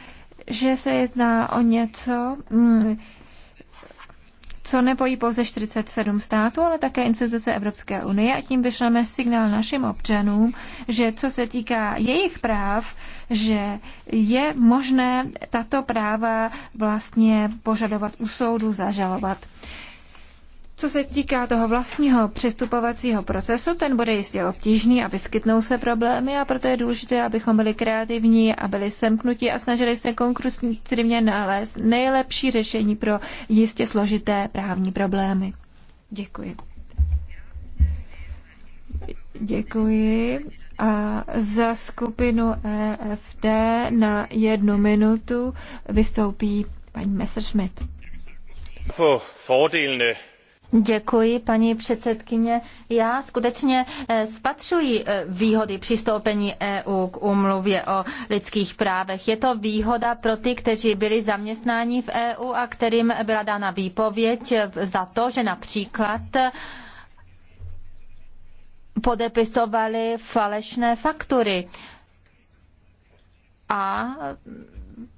že se jedná o něco, mm, co nepojí pouze 47 států, ale také instituce Evropské unie a tím vyšleme signál našim občanům, že co se týká jejich práv, že je možné tato práva vlastně požadovat u soudu, zažalovat. Co se týká toho vlastního přestupovacího procesu, ten bude jistě obtížný a vyskytnou se problémy a proto je důležité, abychom byli kreativní a byli semknutí a snažili se konkrétně nalézt nejlepší řešení pro jistě složité právní problémy. Děkuji. Děkuji. A za skupinu EFD na jednu minutu vystoupí paní Messerschmidt. Děkuji, paní předsedkyně. Já skutečně eh, spatřuji eh, výhody přistoupení EU k umluvě o lidských právech. Je to výhoda pro ty, kteří byli zaměstnáni v EU a kterým byla dána výpověď eh, za to, že například podepisovali falešné faktury. A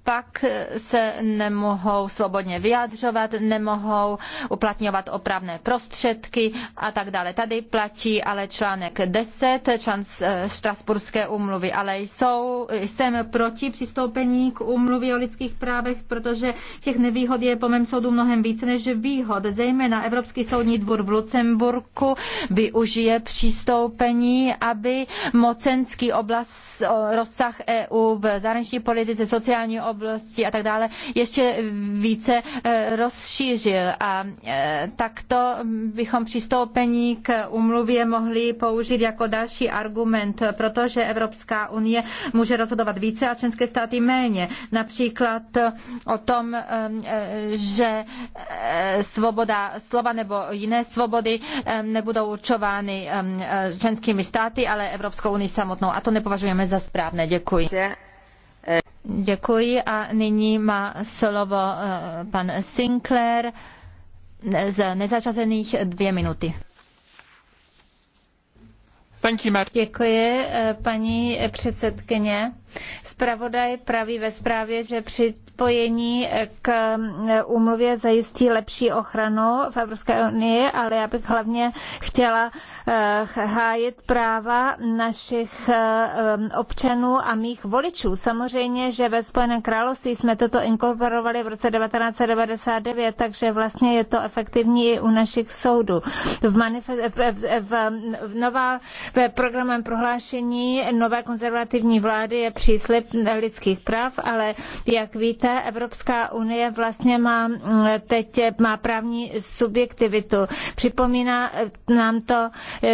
pak se nemohou svobodně vyjadřovat, nemohou uplatňovat opravné prostředky a tak dále. Tady platí ale článek 10, člán eh, Štrasburské umluvy, ale jsou, jsem proti přistoupení k umluvě o lidských právech, protože těch nevýhod je po mém soudu mnohem více než výhod. Zejména Evropský soudní dvůr v Lucemburku využije přistoupení, aby mocenský oblast, eh, rozsah EU v zahraniční politice, sociální oblast, oblasti a tak dále ještě více eh, rozšířil. A eh, takto bychom přistoupení k umluvě mohli použít jako další argument, protože Evropská unie může rozhodovat více a členské státy méně. Například eh, o tom, že svoboda slova nebo jiné svobody nebudou určovány členskými státy, ale Evropskou unii samotnou. A to nepovažujeme za správné. Děkuji. Děkuji a nyní má slovo eh, pan Sinclair z nezařazených dvě minuty. Thank you, Děkuji, eh, paní předsedkyně. Spravodaj praví ve zprávě, že připojení k úmluvě zajistí lepší ochranu v Evropské unii, ale já bych hlavně chtěla eh, hájit práva našich eh, občanů a mých voličů. Samozřejmě, že ve Spojeném království jsme toto inkorporovali v roce 1999, takže vlastně je to efektivní i u našich soudů. V, manifest, v, v, v, v nová, programem prohlášení nové konzervativní vlády je příslip lidských práv, ale jak víte, Evropská unie vlastně má teď má právní subjektivitu. Připomíná nám to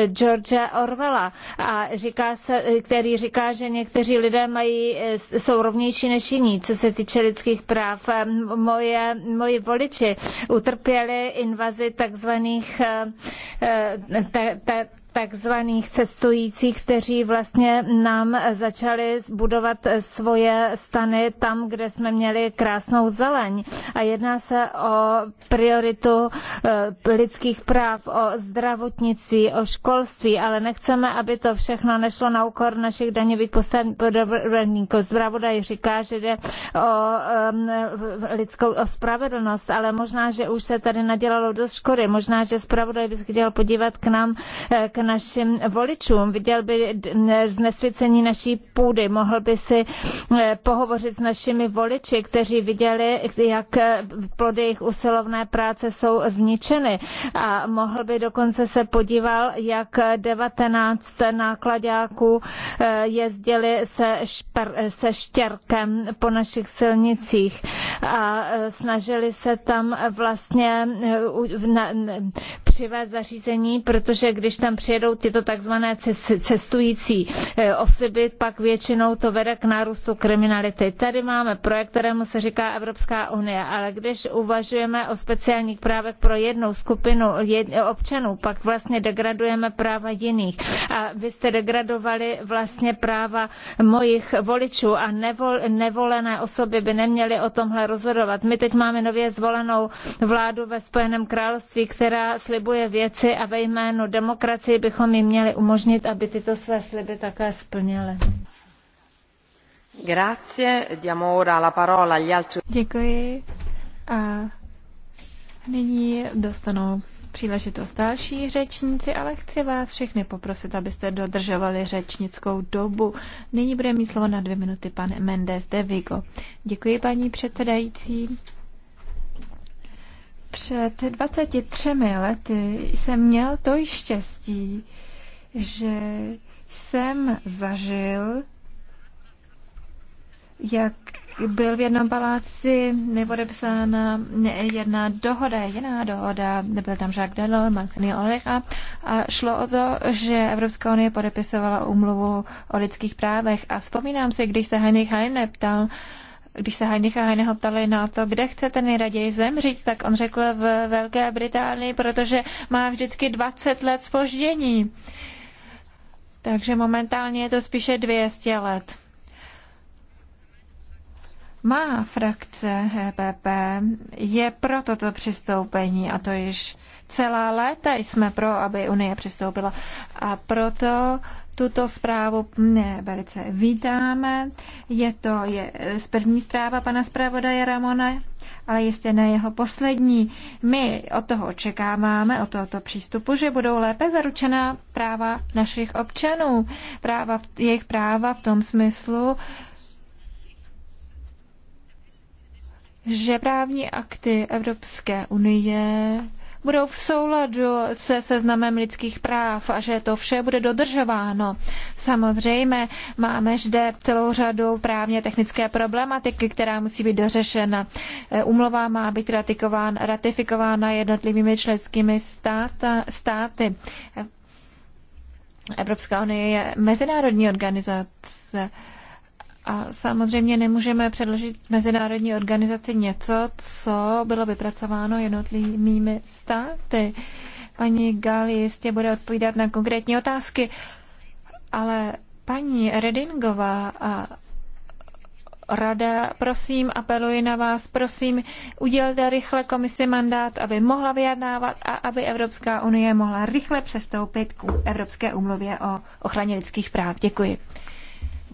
George Orwella, a říká se, který říká, že někteří lidé mají, jsou rovnější než jiní, co se týče lidských práv. Moje, moji voliči utrpěli invazi takzvaných eh, takzvaných cestujících, kteří vlastně nám začali budovat svoje stany tam, kde jsme měli krásnou zeleň. A jedná se o prioritu eh, lidských práv, o zdravotnictví, o školství, ale nechceme, aby to všechno nešlo na úkor našich daňových podvodníků. Zpravodaj říká, že jde o eh, lidskou o spravedlnost, ale možná, že už se tady nadělalo dost škody. Možná, že zpravodaj by se chtěl podívat k nám, eh, k našim voličům, viděl by znesvěcení naší půdy, mohl by si eh, pohovořit s našimi voliči, kteří viděli, jak eh, plody jejich usilovné práce jsou zničeny a mohl by dokonce se podíval, jak 19 nákladáků eh, jezdili se, šper, se štěrkem po našich silnicích a snažili se tam vlastně přivést zařízení, protože když tam přijeli přijedou tyto takzvané cestující eh, osoby, pak většinou to vede k nárůstu kriminality. Tady máme projekt, kterému se říká Evropská unie, ale když uvažujeme o speciálních právech pro jednu skupinu občanů, pak vlastně degradujeme práva jiných. A vy jste degradovali vlastně práva mojich voličů a nevol, nevolené osoby by neměly o tomhle rozhodovat. My teď máme nově zvolenou vládu ve Spojeném království, která slibuje věci a ve jménu demokracie bychom jim měli umožnit, aby tyto své sliby také splněly. Grazie, diamo ora la parola agli altri. Děkuji. A nyní dostanou příležitost další řečníci, ale chci vás všechny poprosit, abyste dodržovali řečnickou dobu. Nyní bude mít slovo na dvě minuty pan Mendes de Vigo. Děkuji, paní předsedající. Před 23 lety jsem měl to i štěstí, že jsem zažil, jak byl v jednom paláci nepodepsána jedna dohoda, jediná dohoda, nebyl tam Jacques Delors, Maxine Olech a, šlo o to, že Evropská unie podepisovala úmluvu o lidských právech a vzpomínám si, když se Heinrich Heine ptal když se Heinricha a Heineho ptali na to, kde chcete nejraději zemřít, tak on řekl v Velké Británii, protože má vždycky 20 let spoždění. Takže momentálně je to spíše 200 let. Má frakce HPP je pro toto přistoupení a to již celá léta jsme pro, aby Unie přistoupila. A proto tuto zprávu ne, velice vítáme. Je to je z první zpráva pana zpravodaje Ramona, ale jistě ne jeho poslední. My od toho očekáváme, od tohoto přístupu, že budou lépe zaručena práva našich občanů, práva, jejich práva v tom smyslu, že právní akty Evropské unie budou v souladu se seznamem lidských práv a že to vše bude dodržováno. Samozřejmě máme zde celou řadu právně technické problematiky, která musí být dořešena. E, Umlova má být ratifikována jednotlivými členskými státy. E, Evropská unie je mezinárodní organizace a samozřejmě nemůžeme předložit mezinárodní organizaci něco, co bylo vypracováno jednotlivými státy. Paní Gali jistě bude odpovídat na konkrétní otázky, ale paní Redingová a Rada, prosím, apeluji na vás, prosím, udělte rychle komisi mandát, aby mohla vyjednávat a aby Evropská unie mohla rychle přestoupit k Evropské umluvě o ochraně lidských práv. Děkuji.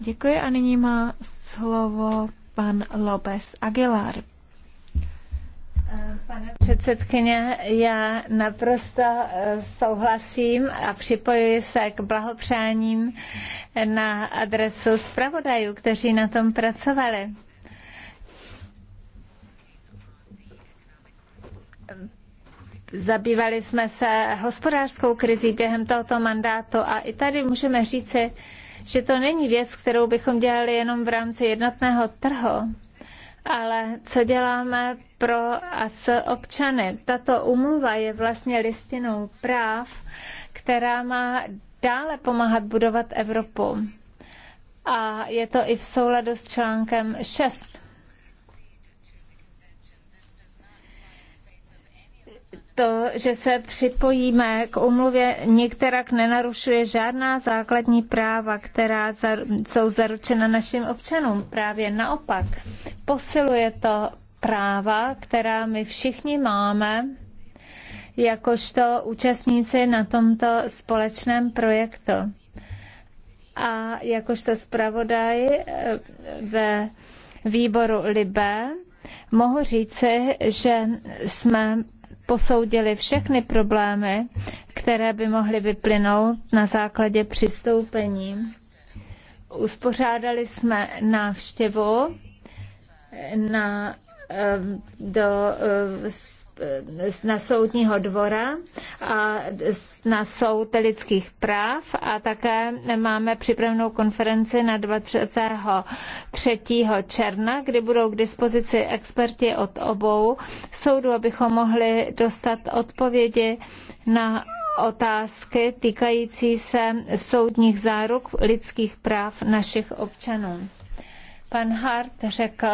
Děkuji a nyní má slovo pan López Aguilar. Pane předsedkyně, já naprosto eh, souhlasím a připojuji se k blahopřáním na adresu zpravodajů, kteří na tom pracovali. Zabývali jsme se hospodářskou krizí během tohoto mandátu a i tady můžeme říci, že to není věc, kterou bychom dělali jenom v rámci jednotného trhu, ale co děláme pro a s občany. Tato umluva je vlastně listinou práv, která má dále pomáhat budovat Evropu. A je to i v souladu s článkem 6 to, že se připojíme k umluvě nikterak nenarušuje žádná základní práva, která jsou zaručena našim občanům. Právě naopak posiluje to práva, která my všichni máme jakožto účastníci na tomto společném projektu. A jakožto zpravodaj eh, ve výboru Libe mohu říci, že jsme posoudili všechny problémy, které by mohly vyplynout na základě přistoupení. Uspořádali jsme návštěvu na, eh, do eh, Eh, na soudního dvora a na soud lidských práv a také máme připravenou konferenci na 23. června, kdy budou k dispozici experti od obou soudů, abychom mohli dostat odpovědi na otázky týkající se soudních záruk lidských práv našich občanů. Pan Hart řekl,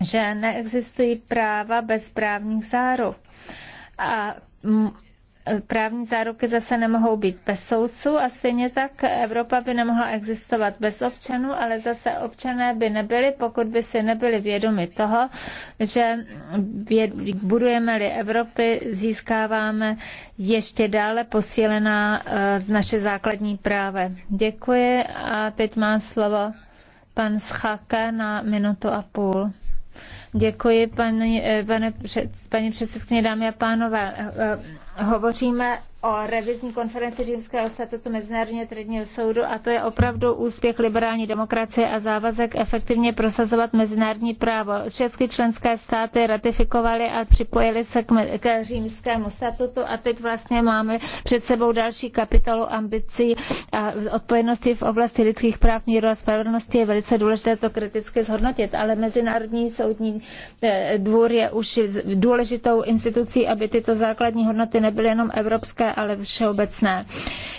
že neexistují práva bez právních záruk. A právní záruky zase nemohou být bez soudců a stejně tak Evropa by nemohla existovat bez občanů, ale zase občané by nebyli, pokud by si nebyli vědomi toho, že budujeme-li Evropy, získáváme ještě dále posílená eh, naše základní práva. Děkuji a teď má slovo pan Schake na minutu a půl. Děkuji, paní, eh, pane, paní předsedkyně, dámy a pánové. Eh, eh, hovoříme o revizní konferenci Římského statutu Mezinárodně trestního soudu a to je opravdu úspěch liberální demokracie a závazek efektivně prosazovat mezinárodní právo. Všechny členské státy ratifikovaly a připojily se k, k Římskému statutu a teď vlastně máme před sebou další kapitolu ambicí a odpovědnosti v oblasti lidských práv, míru a spravedlnosti. Je velice důležité to kriticky zhodnotit, ale Mezinárodní soudní eh, dvůr je už důležitou institucí, aby tyto základní hodnoty nebyly jenom evropské evropské, ale všeobecné.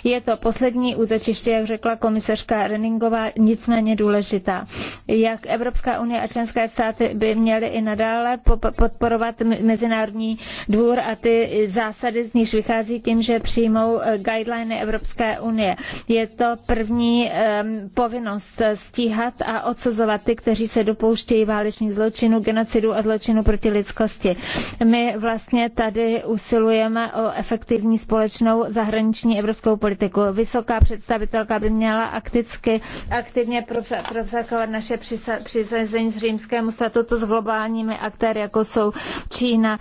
Je to poslední útočiště, jak řekla komisařka Reningová, nicméně důležitá. Jak Evropská unie a členské státy by měly i nadále podporovat Mezinárodní dvůr a ty zásady, z níž vychází tím, že přijmou eh, guideliny Evropské unie. Je to první povinnost eh, stíhat a odsuzovat ty, kteří se dopouštějí válečných zločinů, genocidu a zločinů proti lidskosti. My vlastně tady usilujeme o efektivní spolupráci společnou zahraniční evropskou politiku. Vysoká představitelka by měla akticky, aktivně prosakovat naše přizazení z římskému statutu s globálními aktéry, jako jsou Čína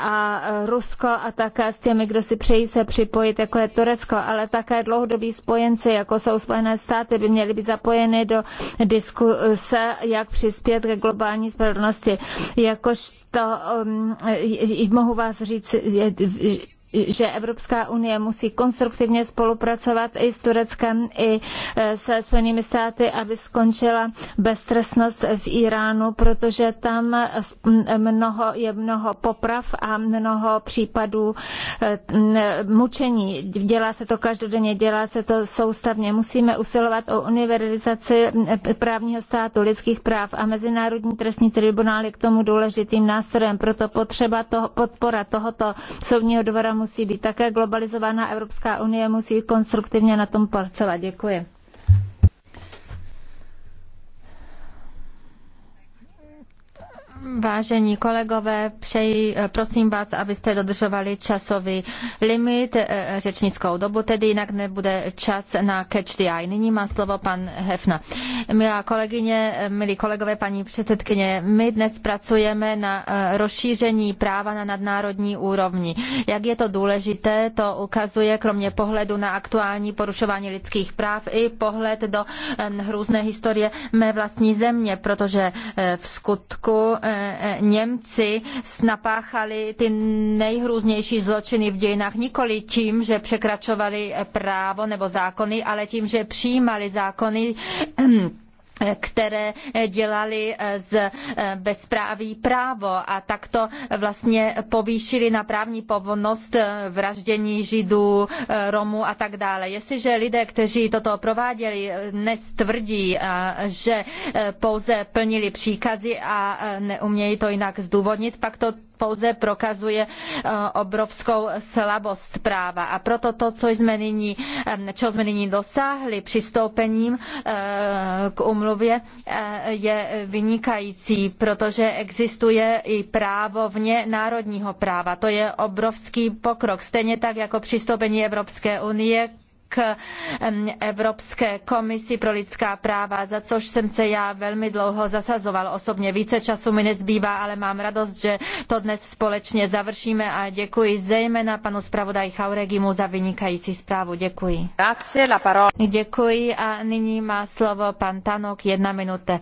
a Rusko a také s těmi, kdo si přejí se připojit, jako je Turecko, ale také dlouhodobí spojenci, jako jsou Spojené státy, by měly být zapojeny do diskuse, jak přispět ke globální spravedlnosti. Jakož to um, mohu vás říct, je, že Evropská unie musí konstruktivně spolupracovat i s Tureckem, i e, se Spojenými státy, aby skončila beztrestnost v Iránu, protože tam mnoho, je mnoho poprav a mnoho případů e, mučení. Dělá se to každodenně, dělá se to soustavně. Musíme usilovat o univerzalizaci právního státu, lidských práv a Mezinárodní trestní tribunál je k tomu důležitým nástrojem. Proto potřeba toho, podpora tohoto soudního dvora musí být také globalizovaná. Evropská unie musí konstruktivně na tom pracovat. Děkuji. Vážení kolegové, přeji, eh, prosím vás, abyste dodržovali časový limit, eh, řečnickou dobu, tedy jinak nebude čas na catch the eye. Nyní má slovo pan Hefna. Milá kolegyně, eh, milí kolegové, paní předsedkyně, my dnes pracujeme na rozšíření práva na nadnárodní úrovni. Jak je to důležité, to ukazuje kromě pohledu na aktuální porušování lidských práv i pohled do hrůzné historie mé vlastní země, protože v skutku Němci napáchali ty nejhrůznější zločiny v dějinách nikoli tím, že překračovali právo nebo zákony, ale tím, že přijímali zákony které dělali eh, z eh, bezpráví právo a takto vlastně povýšili na právní povinnost eh, vraždění židů, Romů a tak dále. Jestliže lidé, kteří toto prováděli, dnes tvrdí, že pouze plnili příkazy a neumějí to jinak zdůvodnit, pak to pouze prokazuje eh, obrovskou slabost práva. A proto to, co jsme nyní, eh, čeho jsme nyní dosáhli přistoupením eh, k umluvě, je vynikající, protože existuje i právo vně národního práva. To je obrovský pokrok. Stejně tak jako přistoupení Evropské unie k Evropské komisi pro lidská práva, za což jsem se já velmi dlouho zasazoval osobně. Více času mi nezbývá, ale mám radost, že to dnes společně završíme a děkuji zejména panu zpravodaji Chauregimu za vynikající zprávu. Děkuji. Děkuji a nyní má slovo pan Tanok, jedna minuta.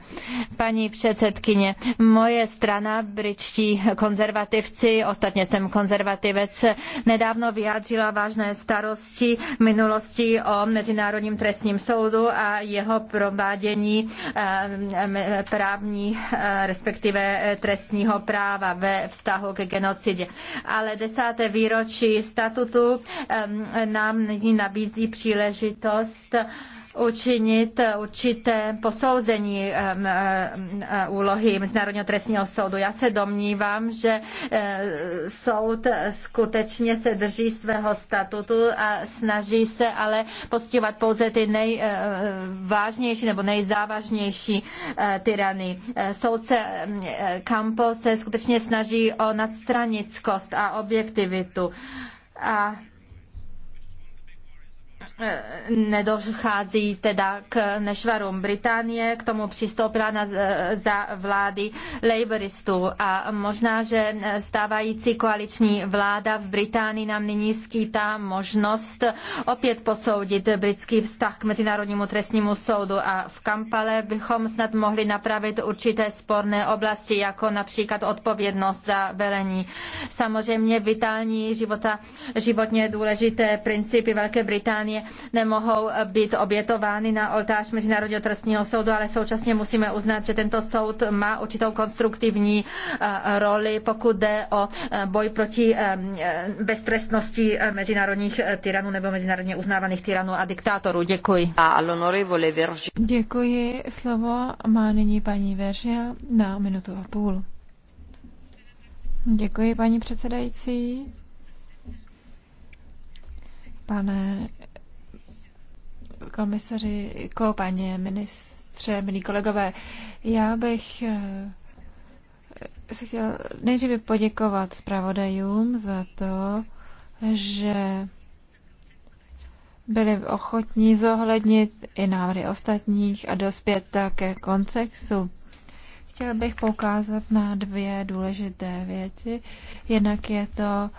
Paní předsedkyně, moje strana, britští konzervativci, ostatně jsem konzervativec, nedávno vyjádřila vážné starosti minulosti žádosti o Mezinárodním trestním soudu a jeho provádění ehm, ehm, právní, eh, respektive eh, trestního práva ve vztahu ke genocidě. Ale desáté výročí statutu ehm, nám nyní nabízí příležitost učinit určité posouzení eh, eh, eh, úlohy Mezinárodního trestního soudu. Já se domnívám, že soud skutečně se drží svého statutu a snaží se ale postihovat pouze ty nejvážnější nebo nejzávažnější tyrany. Soudce mm, Campo se skutečně snaží o nadstranickost a objektivitu. A Eh, nedochází teda k nešvarům. Británie k tomu přistoupila na, eh, za vlády laboristů a možná, že eh, stávající koaliční vláda v Británii nám nyní skýtá možnost opět posoudit britský vztah k Mezinárodnímu trestnímu soudu a v Kampale bychom snad mohli napravit určité sporné oblasti, jako například odpovědnost za velení. Samozřejmě vitální života, životně důležité principy Velké Británie samozřejmě nemohou být obětovány na oltář Mezinárodního trestního soudu, ale současně musíme uznat, že tento soud má určitou konstruktivní eh, roli, pokud jde o eh, boj proti eh, beztrestnosti mezinárodních tyranů nebo mezinárodně uznávaných tyranů a diktátorů. Děkuji. Děkuji. Slovo má nyní paní Veržia na minutu a půl. Děkuji, paní předsedající. Pane komisaři, ko, jako paní ministře, milí kolegové, já bych eh, se chtěl nejdříve poděkovat zpravodajům za to, že byli ochotní zohlednit i návrhy ostatních a dospět také koncexu. Chtěl bych poukázat na dvě důležité věci. Jednak je to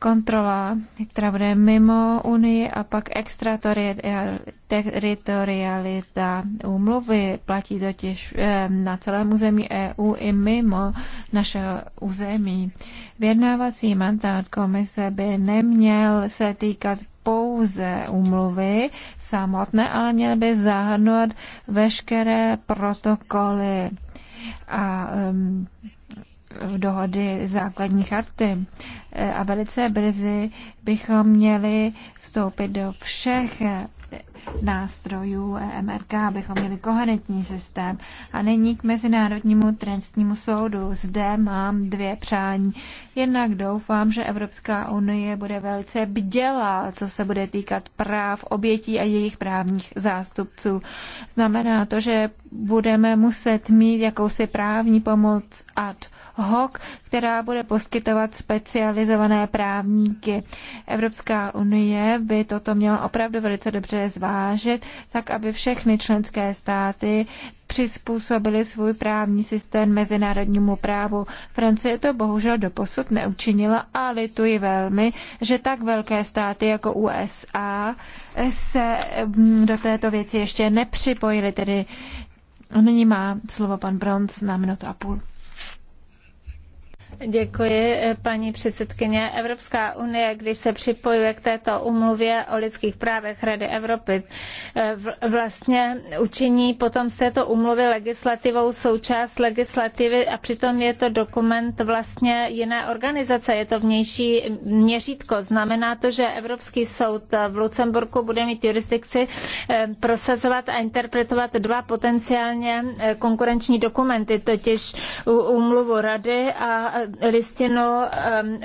kontrola, která bude mimo Unii a pak extraterritorialita úmluvy platí totiž eh, na celém území EU i mimo našeho území. Vědnávací mandát komise by neměl se týkat pouze umluvy samotné, ale měl by zahrnout veškeré protokoly. A um, dohody základní charty. E, a velice brzy bychom měli vstoupit do všech nástrojů EMRK, abychom měli koherentní systém. A nyní k Mezinárodnímu trestnímu soudu. Zde mám dvě přání. Jednak doufám, že Evropská unie bude velice bdělá, co se bude týkat práv obětí a jejich právních zástupců. Znamená to, že budeme muset mít jakousi právní pomoc ad HOK, která bude poskytovat specializované právníky. Evropská unie by toto měla opravdu velice dobře zvážit, tak aby všechny členské státy přizpůsobili svůj právní systém mezinárodnímu právu. Francie to bohužel doposud neučinila a lituji velmi, že tak velké státy jako USA se mm, do této věci ještě nepřipojily. Tedy nyní má slovo pan Bronz na minutu a půl. Děkuji, paní předsedkyně. Evropská unie, když se připojuje k této umluvě o lidských právech Rady Evropy, eh, vlastně učiní potom z této umluvy legislativou součást legislativy a přitom je to dokument vlastně jiné organizace, je to vnější měřítko. Znamená to, že Evropský soud v Lucemburku bude mít jurisdikci eh, prosazovat a interpretovat dva potenciálně eh, konkurenční dokumenty, totiž úmluvu Rady a listinu,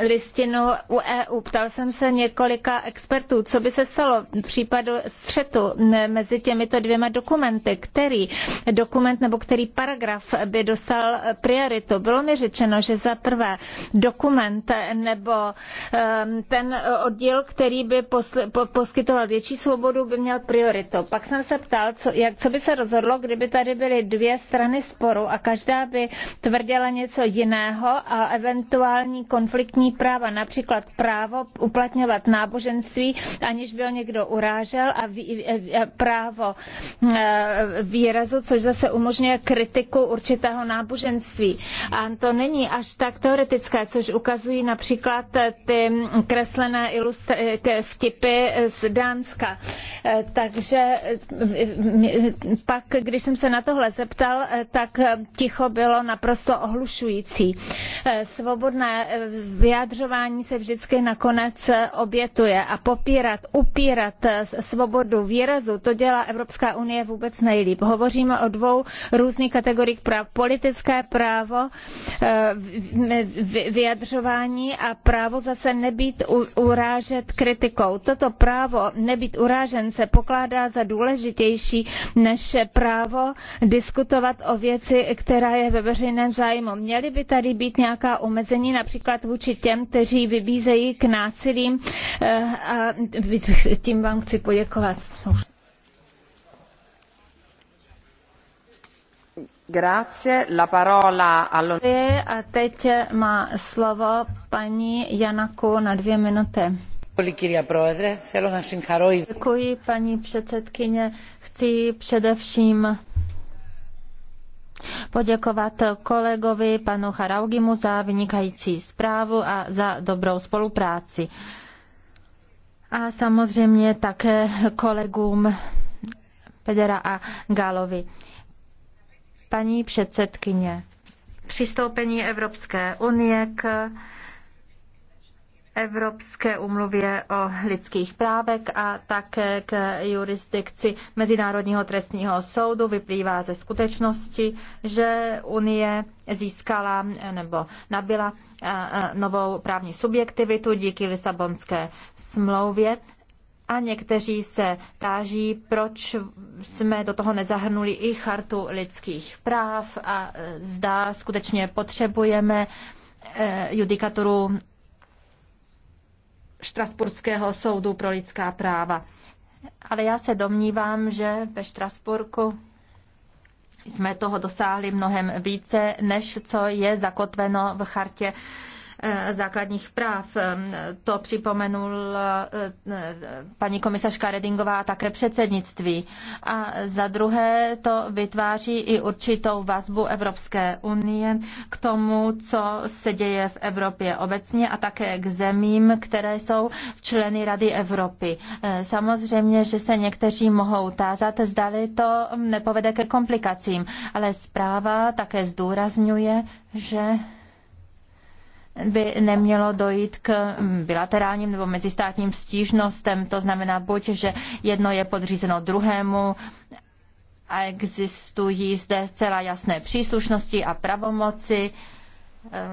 listinu u EU. Ptal jsem se několika expertů, co by se stalo v případu střetu mezi těmito dvěma dokumenty, který dokument nebo který paragraf by dostal prioritu. Bylo mi řečeno, že za prvé dokument nebo ten oddíl, který by poskytoval větší svobodu, by měl prioritu. Pak jsem se ptal, co, jak, co by se rozhodlo, kdyby tady byly dvě strany sporu a každá by tvrdila něco jiného a eventuální konfliktní práva, například právo uplatňovat náboženství, aniž byl někdo urážel a e, e, právo e, výrazu, což zase umožňuje kritiku určitého náboženství. A to není až tak teoretické, což ukazují například ty kreslené ilustr- vtipy z Dánska. Takže pak, když jsem se na tohle zeptal, tak ticho bylo naprosto ohlušující svobodné eh, vyjadřování se vždycky nakonec eh, obětuje a popírat, upírat eh, svobodu výrazu, to dělá Evropská unie vůbec nejlíp. Hovoříme o dvou různých kategoriích práv. Politické právo vyjadřování a právo zase nebýt urážet kritikou. Toto právo nebýt urážen se pokládá za důležitější než právo diskutovat o věci, která je ve veřejném zájmu. Měly by tady být nějaká nějaká omezení, například vůči těm, kteří vybízejí k násilím. Eh, a tím vám chci poděkovat. Grazie, la parola allo... A teď má slovo paní Janaku na dvě minuty. Děkuji, paní předsedkyně. Chci především poděkovat kolegovi panu Haraugimu za vynikající zprávu a za dobrou spolupráci. A samozřejmě také kolegům Pedera a Galovi. Paní předsedkyně, přistoupení Evropské unie k Evropské umluvě o lidských právech a také k jurisdikci Mezinárodního trestního soudu vyplývá ze skutečnosti, že Unie získala nebo nabila eh, eh, novou právní subjektivitu díky Lisabonské smlouvě a někteří se táží, proč jsme do toho nezahrnuli i chartu lidských práv a eh, zdá skutečně potřebujeme judikaturu Štrasburského soudu pro lidská práva. Ale já se domnívám, že ve Štrasburku jsme toho dosáhli mnohem více, než co je zakotveno v chartě Eh, základních práv. Eh, to připomenul eh, paní komisařka Redingová a také předsednictví. A za druhé to vytváří i určitou vazbu Evropské unie k tomu, co se děje v Evropě obecně a také k zemím, které jsou členy Rady Evropy. Samozřejmě, že se někteří mohou tázat, zdali to nepovede ke komplikacím, ale zpráva také zdůrazňuje, že by nemělo dojít k bilaterálním nebo mezistátním stížnostem. To znamená buď, že jedno je podřízeno druhému, a existují zde zcela jasné příslušnosti a pravomoci eh,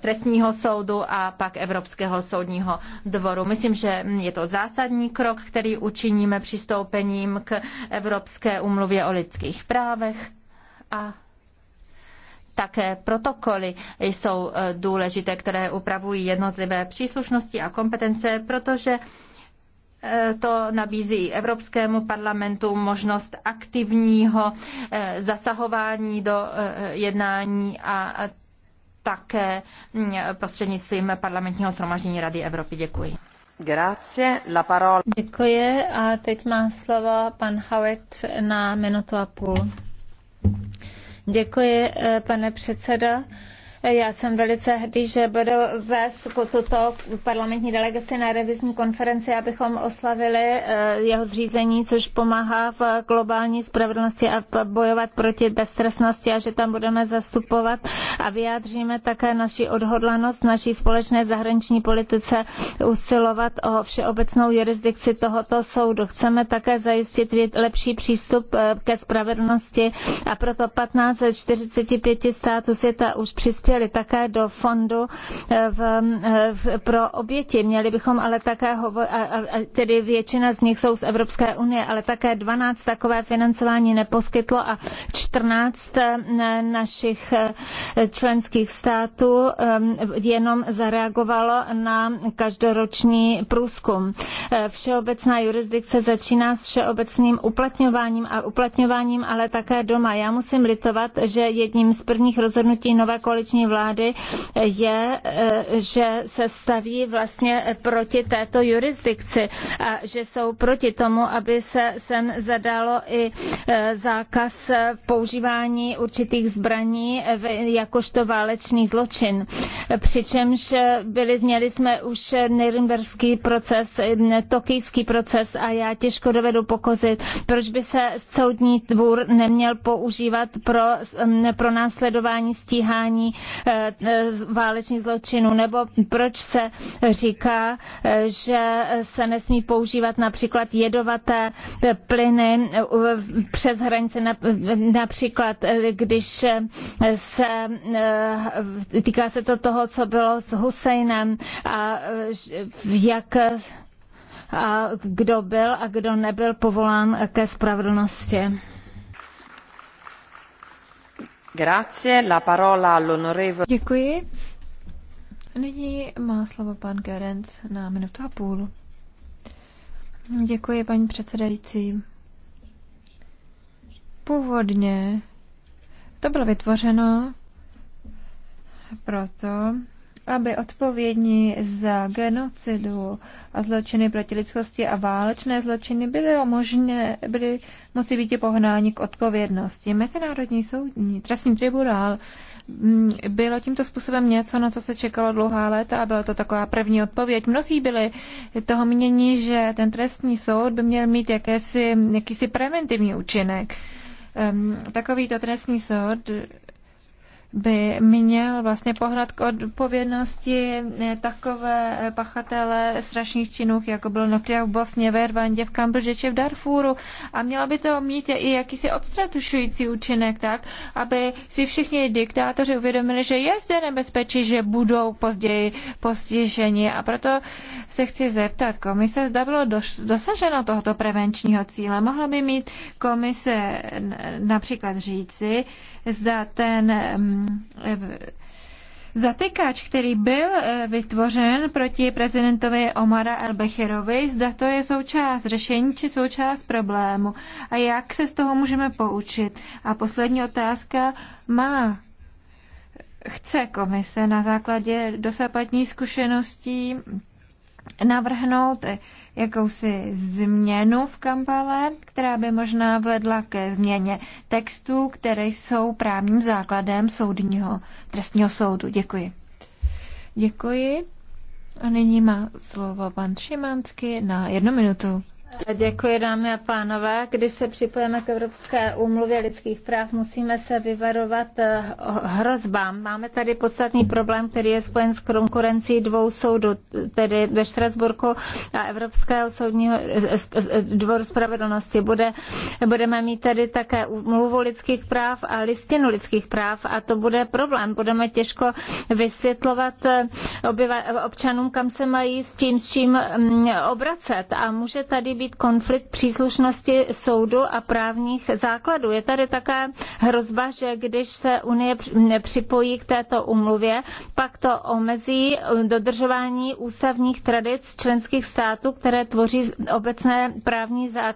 trestního soudu a pak Evropského soudního dvoru. Myslím, že je to zásadní krok, který učiníme přistoupením k Evropské umluvě o lidských právech a také protokoly jsou e, důležité, které upravují jednotlivé příslušnosti a kompetence, protože e, to nabízí Evropskému parlamentu možnost aktivního e, zasahování do jednání a také prostřednictvím parlamentního shromaždění Rady Evropy. Děkuji. Grazie, la parola. Děkuji a teď má slovo pan Hauet na minutu a půl. Děkuji, eh, pane předseda. Já jsem velice hrdý, že budu vést tuto parlamentní delegaci na revizní konferenci, abychom oslavili eh, jeho zřízení, což pomáhá v globální spravedlnosti a bojovat proti beztrestnosti a že tam budeme zastupovat a vyjádříme také naši odhodlanost, naší společné zahraniční politice usilovat o všeobecnou jurisdikci tohoto soudu. Chceme také zajistit lepší přístup eh, ke spravedlnosti a proto 15 z 45 států světa už přispělo přispěli také do fondu eh, v, eh, v, pro oběti. Měli bychom ale také hovořit, tedy většina z nich jsou z Evropské unie, ale také 12 takové financování neposkytlo a 14 eh, našich členských států jenom zareagovalo na každoroční průzkum. Všeobecná jurisdikce začíná s všeobecným uplatňováním a uplatňováním ale také doma. Já musím litovat, že jedním z prvních rozhodnutí nové koaliční koaliční vlády je, eh, že se staví vlastně proti této jurisdikci a že jsou proti tomu, aby se sem zadalo i eh, zákaz používání určitých zbraní jakožto válečný zločin. Přičemž byli, měli jsme už Nürnberský proces, eh, tokijský proces a já těžko dovedu pokozit, proč by se soudní dvůr neměl používat pro, mm, pro následování stíhání Eh, eh, válečných zločinů, nebo proč se říká, eh, že se nesmí používat například jedovaté plyny přes hranice, například když se týká se to toho, co bylo s Husejnem a jak a kdo byl a kdo nebyl povolán ke spravedlnosti. Děkuji. Nyní má slovo pan Gerenc na minutu a půl. Děkuji, paní předsedající. Původně to bylo vytvořeno proto, aby odpovědní za genocidu a zločiny proti lidskosti a válečné zločiny byly, možné, byly moci být pohnáni k odpovědnosti. Mezinárodní soudní trestní tribunál mm, bylo tímto způsobem něco, na co se čekalo dlouhá léta a byla to taková první odpověď. Mnozí byli toho mění, že ten trestní soud by měl mít jakési, jakýsi preventivní účinek. Um, takovýto trestní soud by měl vlastně pohnat k odpovědnosti eh, takové eh, pachatele strašných činů, jako bylo například v Bosně, ve Rwandě, v Kambodži či v Darfuru. A měla by to mít i jakýsi odstratušující účinek, tak, aby si všichni diktátoři uvědomili, že je zde nebezpečí, že budou později postiženi. A proto se chci zeptat komise, zda bylo dosaženo tohoto prevenčního cíle. Mohla by mít komise například říci, zda ten zatykač, který byl e, vytvořen proti prezidentovi Omara el-Bechirovi, zda to je součást řešení či součást problému a jak se z toho můžeme poučit. A poslední otázka má chce komise na základě dosapatní zkušeností navrhnout jakousi změnu v Kampale, která by možná vedla ke změně textů, které jsou právním základem soudního trestního soudu. Děkuji. Děkuji. A nyní má slovo pan Šimanský na jednu minutu. Děkuji, dámy a pánové. Když se připojeme k Evropské úmluvě lidských práv, musíme se vyvarovat eh, hrozbám. Máme tady podstatný problém, který je spojen s konkurencí dvou soudů, tedy ve Štrasburku a Evropského soudního eh, eh, dvoru spravedlnosti. Bude, budeme mít tady také úmluvu lidských práv a listinu lidských práv a to bude problém. Budeme těžko vysvětlovat obyva, občanům, kam se mají s tím, s čím mm, obracet a může tady být být konflikt příslušnosti soudu a právních základů. Je tady také hrozba, že když se Unie nepřipojí k této umluvě, pak to omezí eh, dodržování ústavních tradic členských států, které tvoří obecné právní eh,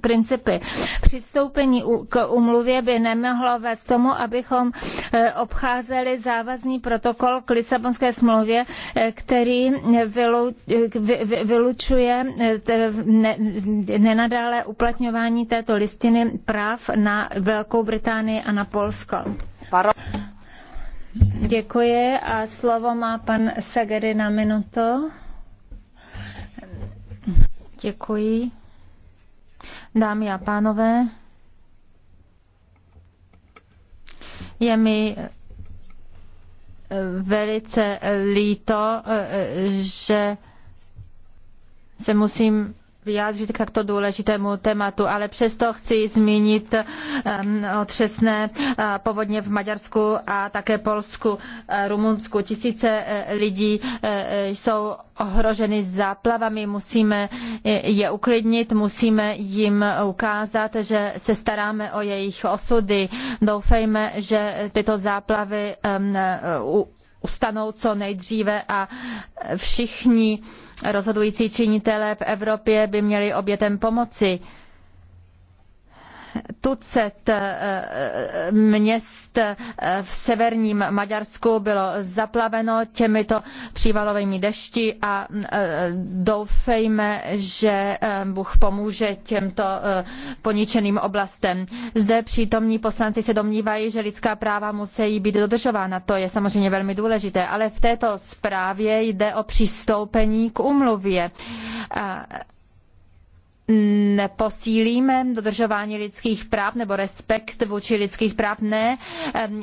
principy. Přistoupení k umluvě by nemohlo vést tomu, abychom eh, obcházeli závazný protokol k Lisabonské smlouvě, který vylučuje nenadále uplatňování této listiny práv na Velkou Británii a na Polsko. Paro. Děkuji a slovo má pan Segery na minuto. Děkuji. Dámy a pánové, je mi eh, velice líto, eh, eh, že se musím vyjádřit k takto důležitému tématu, ale přesto chci zmínit um, otřesné uh, povodně v Maďarsku a také Polsku, uh, Rumunsku. Tisíce uh, lidí jsou ohroženy záplavami, musíme je uklidnit, musíme jim ukázat, že se staráme o jejich osudy. Doufejme, že tyto záplavy um, ustanou co nejdříve a všichni rozhodující činitelé v Evropě by měli obětem pomoci tucet eh, měst eh, v severním Maďarsku bylo zaplaveno těmito přívalovými dešti a eh, doufejme, že Bůh pomůže těmto poničeným oblastem. Zde přítomní poslanci se domnívají, že lidská práva musí být dodržována. To je samozřejmě velmi důležité, ale v této zprávě jde o přistoupení k umluvě neposílíme dodržování lidských práv nebo respekt vůči lidských práv, ne,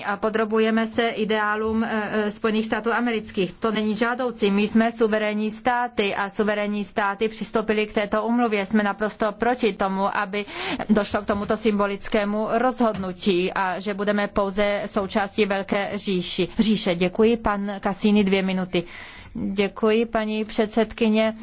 a podrobujeme se ideálům e, e, Spojených států amerických. To není žádoucí. My jsme suverénní státy a suverénní státy přistoupili k této umluvě. Jsme naprosto proti tomu, aby došlo k tomuto symbolickému rozhodnutí a že budeme pouze součástí velké říši. říše. Děkuji, pan Cassini, dvě minuty. Děkuji, paní předsedkyně,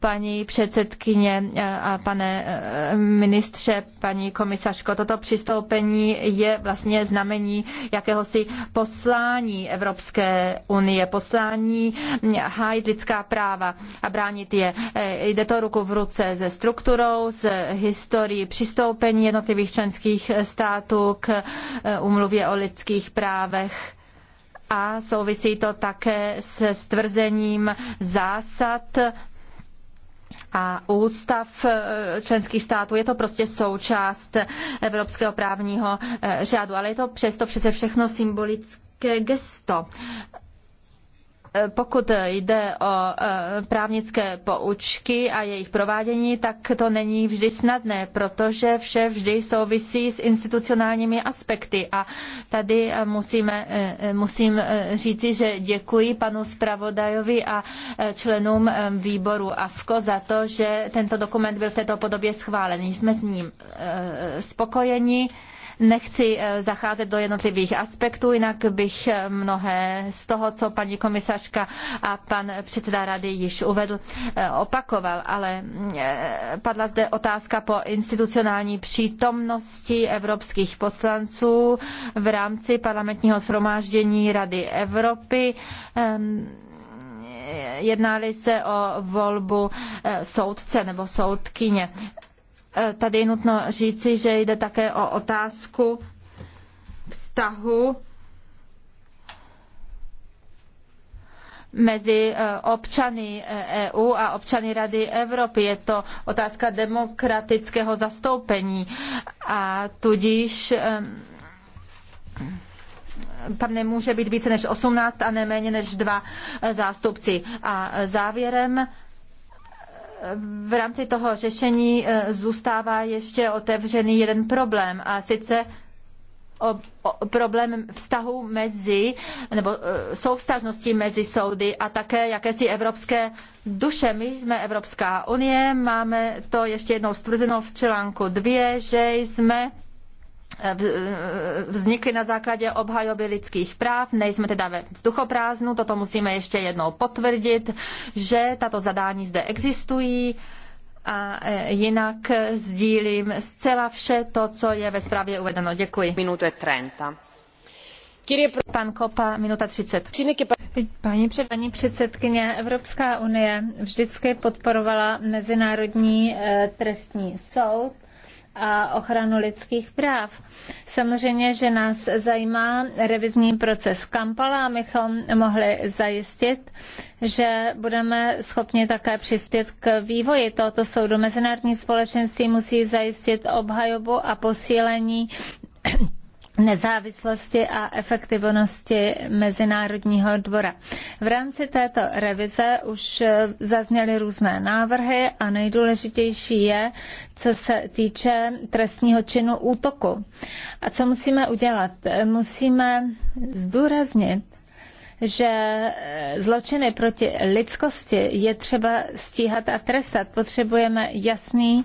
paní předsedkyně a pane e, ministře, paní komisařko. Toto přistoupení je vlastně znamení jakéhosi poslání Evropské unie, poslání hájit lidská práva a bránit je. E, jde to ruku v ruce se strukturou, s historií přistoupení jednotlivých členských států k umluvě e, o lidských právech a souvisí to také se stvrzením zásad a ústav eh, členských států. Je to prostě součást evropského právního eh, řádu, ale je to přesto přece všechno symbolické gesto. Eh, pokud jde o eh, právnické poučky a jejich provádění, tak to není vždy snadné, protože vše vždy souvisí s institucionálními aspekty. A tady eh, musíme, musím říci, že děkuji panu zpravodajovi a členům výboru AFKO za to, že tento dokument byl v této podobě schválen. Jsme s ním spokojeni. Nechci eh, zacházet do jednotlivých aspektů, jinak bych eh, mnohé z toho, co paní komisařka a pan předseda rady již uvedl, eh, opakoval, ale mm, padla zde otázka po institucionální přítomnosti evropských poslanců v rámci parlamentního shromáždění Rady Evropy ehm, jednali se o volbu soudce nebo soudkyně. Eh, tady je nutno říci, že jde také o otázku vztahu mezi eh, občany EU eh, e a občany Rady Evropy. Je to otázka demokratického zastoupení a tudíž tam nemůže být více než 18 a neméně než dva zástupci. A závěrem v rámci toho řešení eh, zůstává ještě otevřený jeden problém a sice o, o problém vztahu mezi, nebo e, eh, souvstažnosti mezi soudy a také jakési evropské duše. My jsme Evropská unie, máme to ještě jednou stvrzeno v článku 2, že jsme Eh, eh, vznikly na základě obhajoby lidských práv, nejsme teda ve vzduchoprázdnu, toto musíme ještě jednou potvrdit, že tato zadání zde existují a eh, jinak sdílím zcela vše to, co je ve zprávě uvedeno. Děkuji. Minuta 30. Pan Kopa, minuta 30. Paní, před... Paní předsedkyně, Evropská unie vždycky podporovala Mezinárodní trestní soud a ochranu lidských práv. Samozřejmě, že nás zajímá revizní proces v Kampala, abychom mohli zajistit, že budeme schopni také přispět k vývoji tohoto soudu. Mezinárodní společenství musí zajistit obhajobu a posílení nezávislosti a efektivnosti Mezinárodního dvora. V rámci této revize už zazněly různé návrhy a nejdůležitější je, co se týče trestního činu útoku. A co musíme udělat? Musíme zdůraznit, že zločiny proti lidskosti je třeba stíhat a trestat. Potřebujeme jasný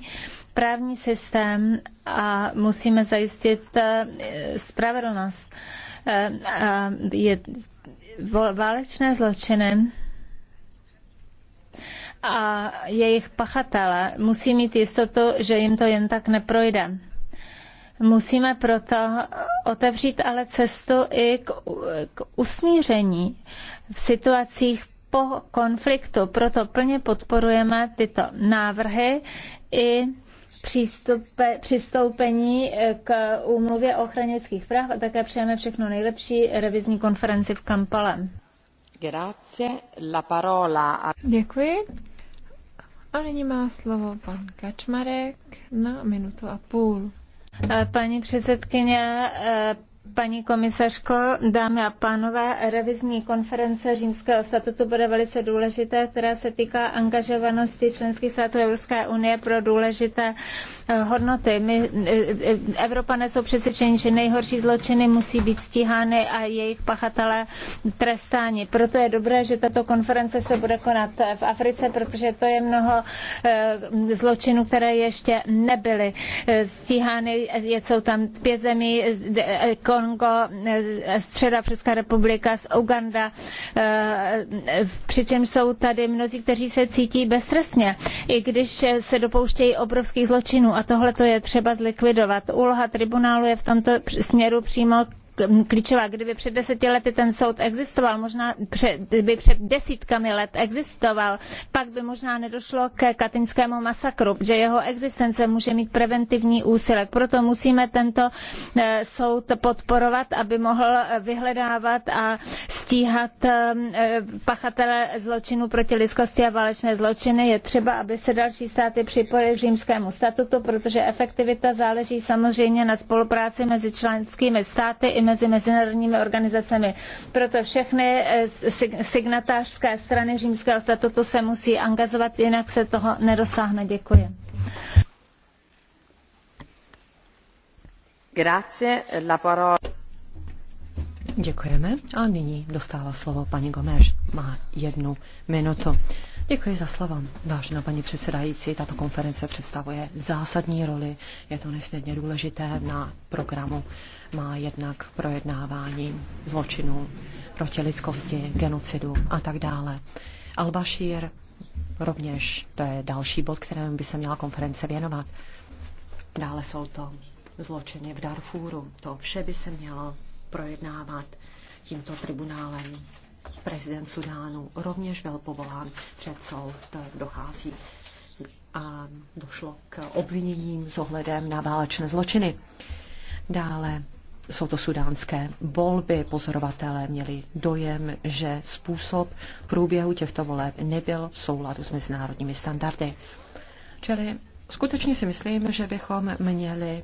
právní systém a musíme zajistit eh, spravedlnost. Eh, je válečné zločiny a jejich pachatele musí mít jistotu, že jim to jen tak neprojde. Musíme proto otevřít ale cestu i k, k usmíření v situacích po konfliktu. Proto plně podporujeme tyto návrhy i přístupe, přistoupení eh, k úmluvě o ochraně lidských práv a také přejeme všechno nejlepší revizní konferenci v Kampale. Grazie, la parola. Děkuji. A nyní má slovo pan Kačmarek na minutu a půl. Eh, paní předsedkyně, eh, Paní komisařko, dámy a pánové, revizní konference Římského statutu bude velice důležité, která se týká angažovanosti členských států Evropské unie pro důležité eh, hodnoty. My, eh, eh, Evropané jsou přesvědčeni, že nejhorší zločiny musí být stíhány a jejich pachatelé trestáni. Proto je dobré, že tato konference se bude konat v Africe, protože to je mnoho zločinů, které ještě nebyly stíhány. Jsou tam pět zemí, Kongo, eh, Středoafrická republika, z Uganda, eh, přičemž jsou tady mnozí, kteří se cítí beztrestně, i když se dopouštějí obrovských zločinů a tohle to je třeba zlikvidovat. Úloha tribunálu je v tomto směru přímo klíčová. Kdyby před deseti lety ten soud existoval, možná před, by před desítkami let existoval, pak by možná nedošlo ke katinskému masakru, že jeho existence může mít preventivní úsilek. Proto musíme tento eh, soud podporovat, aby mohl eh, vyhledávat a stíhat eh, pachatele zločinu proti lidskosti a válečné zločiny. Je třeba, aby se další státy připojily k římskému statutu, protože efektivita záleží samozřejmě na spolupráci mezi členskými státy i mezi mezinárodními organizacemi. Proto všechny eh, signatářské strany římského statutu se musí angažovat, jinak se toho nedosáhne. Děkuji. Grazie, la parola. Děkujeme. A nyní dostává slovo paní Gomeš. Má jednu minutu. Děkuji za slovo. Vážená paní předsedající, tato konference představuje zásadní roli. Je to nesmírně důležité na programu. Má jednak projednávání zločinů proti lidskosti, genocidu a tak dále. Al-Bashir rovněž, to je další bod, kterému by se měla konference věnovat. Dále jsou to zločiny v Darfuru. To vše by se mělo projednávat tímto tribunálem. Prezident Sudánu rovněž byl povolán před soud, dochází a došlo k obviněním s ohledem na válečné zločiny. Dále jsou to sudánské volby. Pozorovatelé měli dojem, že způsob průběhu těchto voleb nebyl v souladu s mezinárodními standardy. Čili skutečně si myslím, že bychom měli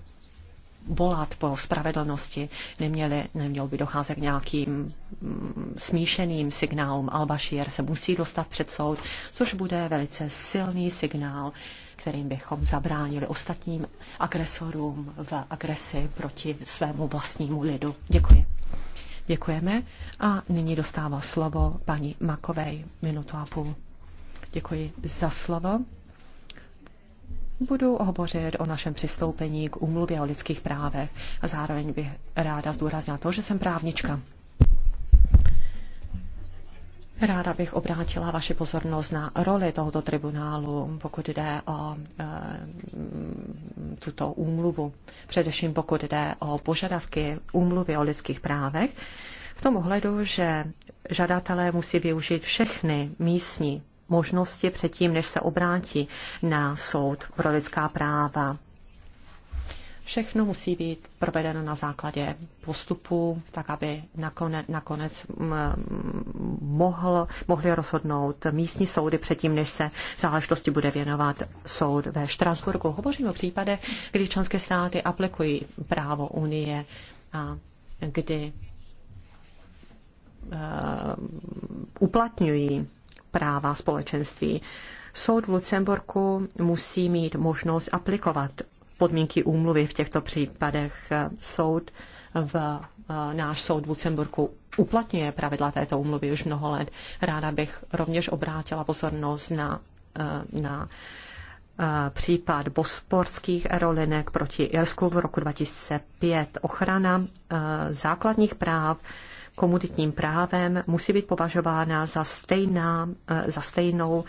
volat po spravedlnosti, neměli, nemělo by docházet k nějakým mm, smíšeným signálům. Al-Bashir se musí dostat před soud, což bude velice silný signál, kterým bychom zabránili ostatním agresorům v agresi proti svému vlastnímu lidu. Děkuji. Děkujeme a nyní dostává slovo paní Makovej, minutu a půl. Děkuji za slovo budu hovořit o našem přistoupení k úmluvě o lidských právech a zároveň bych ráda zdůraznila to, že jsem právnička. Ráda bych obrátila vaši pozornost na roli tohoto tribunálu, pokud jde o e, mm, tuto úmluvu. Především pokud jde o požadavky úmluvy o lidských právech, v tom ohledu, že žadatelé musí využít všechny místní možnosti předtím, než se obrátí na soud pro lidská práva. Všechno musí být provedeno na základě postupu, tak aby nakonec, nakonec mm, mohl, mohli rozhodnout místní soudy předtím, než se záležitosti bude věnovat soud ve Štrasburgu. Hovořím o případech, kdy členské státy aplikují právo Unie a kdy uh, uplatňují práva společenství. Soud v Lucemburku musí mít možnost aplikovat podmínky úmluvy v těchto případech. Soud v eh, náš soud v Lucemburku uplatňuje pravidla této úmluvy už mnoho let. Ráda bych rovněž obrátila pozornost na, eh, na eh, případ bosporských aerolinek proti Irsku v roku 2005. Ochrana základních práv komunitním právem musí být považována za, stejná, eh, za stejnou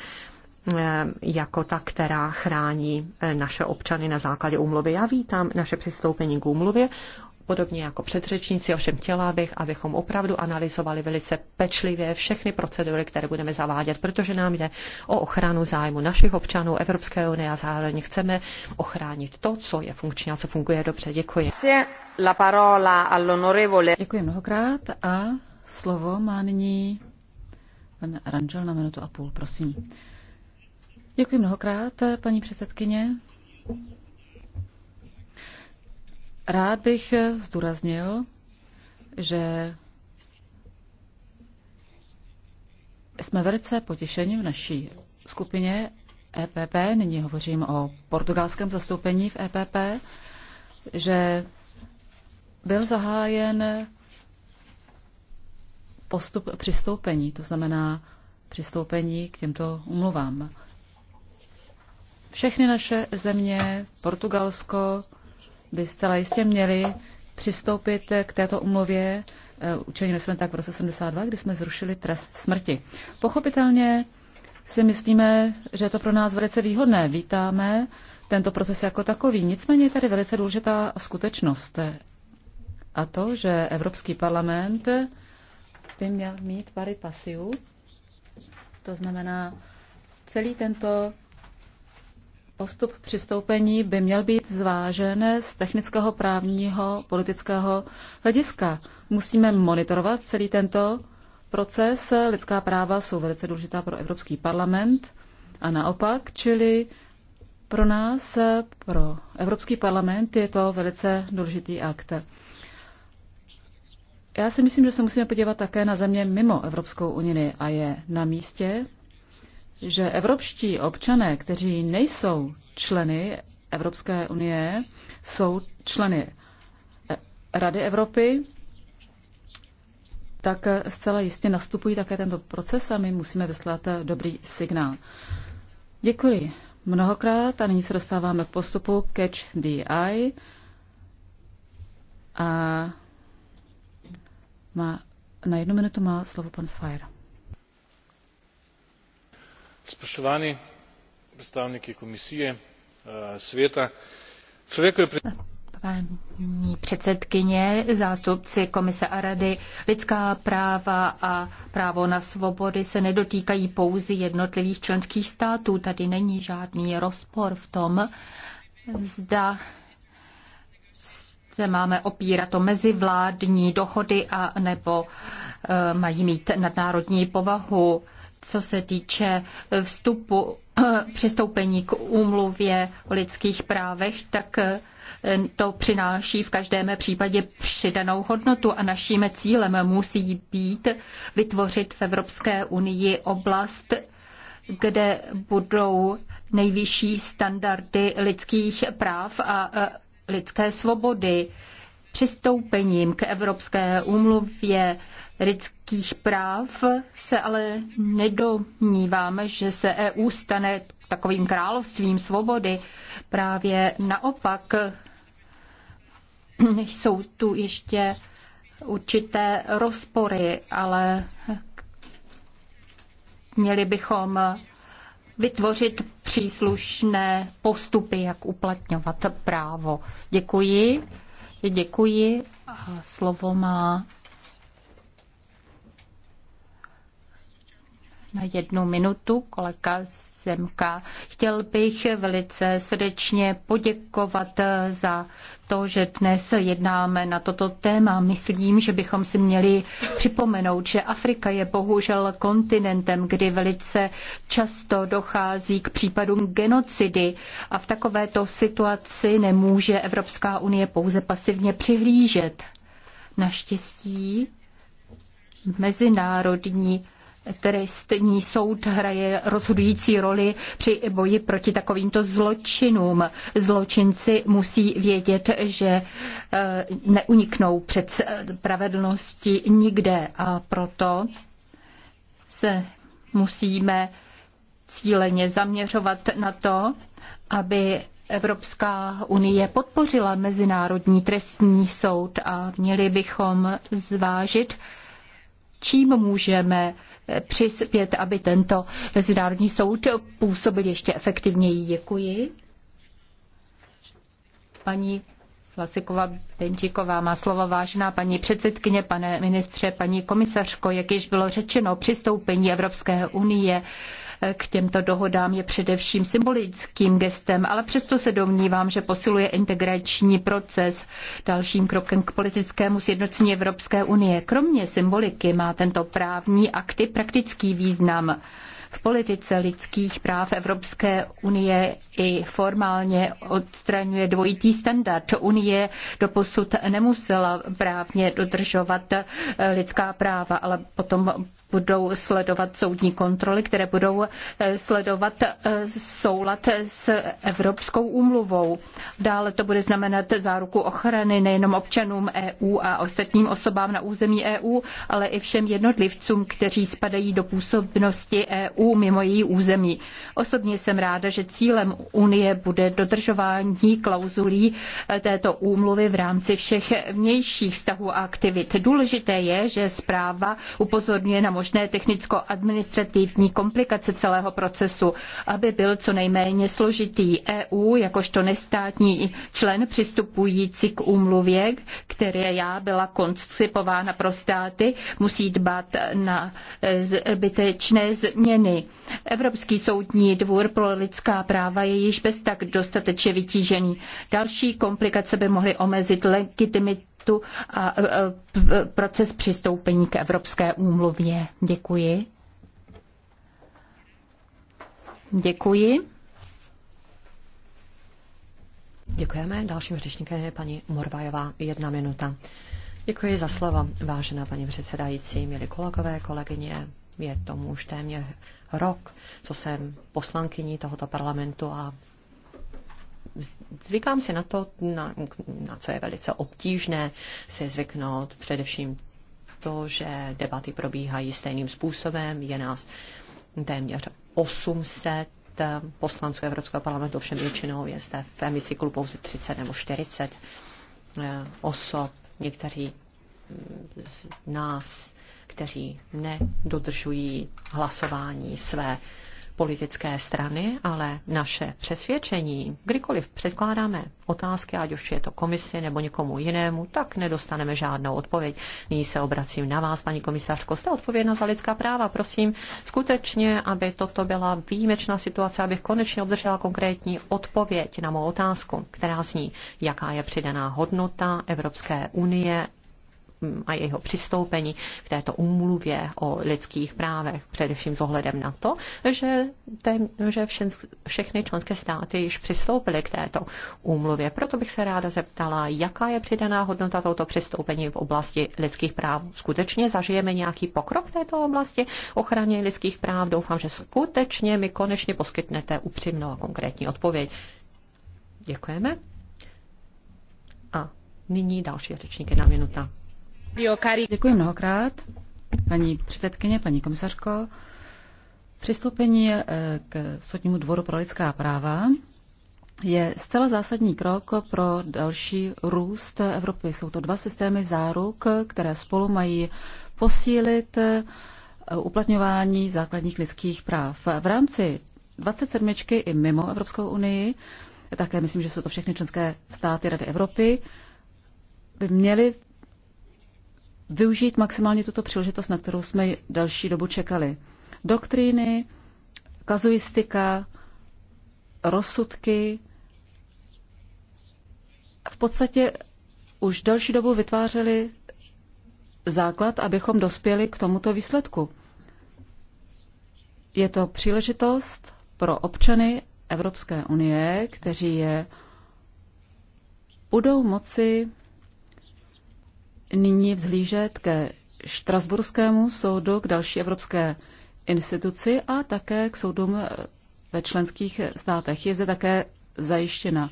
eh, jako ta, která chrání eh, naše občany na základě úmluvy. Já vítám naše přistoupení k úmluvě podobně jako předřečníci, ovšem chtěla bych, abychom opravdu analyzovali velice pečlivě všechny procedury, které budeme zavádět, protože nám jde o ochranu zájmu našich občanů Evropské unie a zároveň chceme ochránit to, co je funkční a co funguje dobře. Děkuji. Děkuji mnohokrát a slovo má nyní pan Ranžel na minutu a půl, prosím. Děkuji mnohokrát, paní předsedkyně. Rád bych zdůraznil, že jsme velice potěšeni v naší skupině EPP, nyní hovořím o portugalském zastoupení v EPP, že byl zahájen postup přistoupení, to znamená přistoupení k těmto umluvám. Všechny naše země, Portugalsko, by zcela jistě měli přistoupit k této umluvě. Eh, učinili jsme tak v roce 72, kdy jsme zrušili trest smrti. Pochopitelně si myslíme, že je to pro nás velice výhodné. Vítáme tento proces jako takový. Nicméně je tady velice důležitá skutečnost. A to, že Evropský parlament by měl mít pari pasiu, to znamená celý tento postup přistoupení by měl být zvážen z technického, právního, politického hlediska. Musíme monitorovat celý tento proces. Lidská práva jsou velice důležitá pro Evropský parlament a naopak, čili pro nás, pro Evropský parlament, je to velice důležitý akt. Já si myslím, že se musíme podívat také na země mimo Evropskou unii a je na místě, že evropští občané, kteří nejsou členy Evropské unie, jsou členy eh, Rady Evropy, tak eh, zcela jistě nastupují také tento proces a my musíme vyslat eh, dobrý signál. Děkuji mnohokrát a nyní se dostáváme k postupu Catch the Eye. A má, na jednu minutu má slovo pan Sfire spoštovani predstavniki komisije eh, sveta človekove Paní předsedkyně, zástupci komise a rady, lidská práva a právo na svobody se nedotýkají pouze jednotlivých členských států. Tady není žádný rozpor v tom, zda se máme opírat o mezivládní dohody a nebo eh, mají mít nadnárodní povahu co se týče vstupu přistoupení k úmluvě o lidských právech, tak eh, to přináší v každém případě přidanou hodnotu a naším cílem musí být vytvořit v Evropské unii oblast, kde budou nejvyšší standardy lidských práv a eh, lidské svobody. Přistoupením k Evropské úmluvě lidských práv se ale nedomníváme, že se EU stane takovým královstvím svobody. Právě naopak jsou tu ještě určité rozpory, ale měli bychom vytvořit příslušné postupy, jak uplatňovat právo. Děkuji. Děkuji. A slovo má na jednu minutu kolega Zemka. Chtěl bych velice srdečně poděkovat za to, že dnes jednáme na toto téma. Myslím, že bychom si měli připomenout, že Afrika je bohužel kontinentem, kdy velice často dochází k případům genocidy a v takovéto situaci nemůže Evropská unie pouze pasivně přihlížet. Naštěstí mezinárodní trestní soud hraje rozhodující roli při boji proti takovýmto zločinům. Zločinci musí vědět, že eh, neuniknou před eh, spravedlností nikde a proto se musíme cíleně zaměřovat na to, aby Evropská unie podpořila Mezinárodní trestní soud a měli bychom zvážit, čím můžeme přispět, aby tento Mezinárodní soud působil ještě efektivněji. Děkuji. Paní Vlasiková Benčíková má slovo vážná, paní předsedkyně, pane ministře, paní komisařko, jak již bylo řečeno, přistoupení Evropské unie k těmto dohodám je především symbolickým gestem, ale přesto se domnívám, že posiluje integrační proces dalším krokem k politickému sjednocení Evropské unie. Kromě symboliky má tento právní akt i praktický význam. V politice lidských práv Evropské unie i formálně odstraňuje dvojitý standard. Unie doposud nemusela právně dodržovat lidská práva, ale potom budou sledovat soudní kontroly, které budou eh, sledovat eh, soulad s Evropskou úmluvou. Dále to bude znamenat záruku ochrany nejenom občanům EU a ostatním osobám na území EU, ale i všem jednotlivcům, kteří spadají do působnosti EU mimo její území. Osobně jsem ráda, že cílem Unie bude dodržování klauzulí eh, této úmluvy v rámci všech vnějších vztahů a aktivit. Důležité je, že zpráva upozorňuje na možnost možné technicko-administrativní komplikace celého procesu, aby byl co nejméně složitý. EU jakožto nestátní člen přistupující k úmluvě, které já byla koncipována pro státy, musí dbat na zbytečné změny. Evropský soudní dvůr pro lidská práva je již bez tak dostatečně vytížený. Další komplikace by mohly omezit legitimitu kontaktu a proces přistoupení k Evropské úmluvě. Děkuji. Děkuji. Děkujeme. Dalším řečníkem je paní Morvajová. Jedna minuta. Děkuji za slovo, vážená paní předsedající, milí kolegové, kolegyně. Je tomu už téměř rok, co jsem poslankyní tohoto parlamentu a zvykám si na to, na, na co je velice obtížné si zvyknout, především to, že debaty probíhají stejným způsobem, je nás téměř 800 poslanců Evropského parlamentu, všem většinou je zde v emisi klubu pouze 30 nebo 40 eh, osob, někteří z nás, kteří nedodržují hlasování své politické strany, ale naše přesvědčení, kdykoliv předkládáme otázky, ať už je to komisi nebo někomu jinému, tak nedostaneme žádnou odpověď. Nyní se obracím na vás, paní komisařko. Jste odpovědna za lidská práva. Prosím skutečně, aby toto byla výjimečná situace, abych konečně obdržela konkrétní odpověď na mou otázku, která zní, jaká je přidaná hodnota Evropské unie a jeho přistoupení k této úmluvě o lidských právech, především s ohledem na to, že, ten, že všen, všechny členské státy již přistoupily k této úmluvě. Proto bych se ráda zeptala, jaká je přidaná hodnota tohoto přistoupení v oblasti lidských práv. Skutečně zažijeme nějaký pokrok v této oblasti ochraně lidských práv? Doufám, že skutečně mi konečně poskytnete upřímnou a konkrétní odpověď. Děkujeme. A nyní další řečník, jedna minuta. Děkuji mnohokrát, paní předsedkyně, paní komisařko. Přistoupení eh, k Soudnímu dvoru pro lidská práva je zcela zásadní krok pro další růst Evropy. Jsou to dva systémy záruk, které spolu mají posílit eh, uplatňování základních lidských práv. V rámci 27. i mimo Evropskou unii, také myslím, že jsou to všechny členské státy Rady Evropy, by měly využít maximálně tuto příležitost, na kterou jsme další dobu čekali. Doktríny, kazuistika, rozsudky v podstatě už další dobu vytvářeli základ, abychom dospěli k tomuto výsledku. Je to příležitost pro občany Evropské unie, kteří je budou moci nyní vzhlížet ke Štrasburskému soudu, k další evropské instituci a také k soudům eh, ve členských státech. Je zde také zajištěna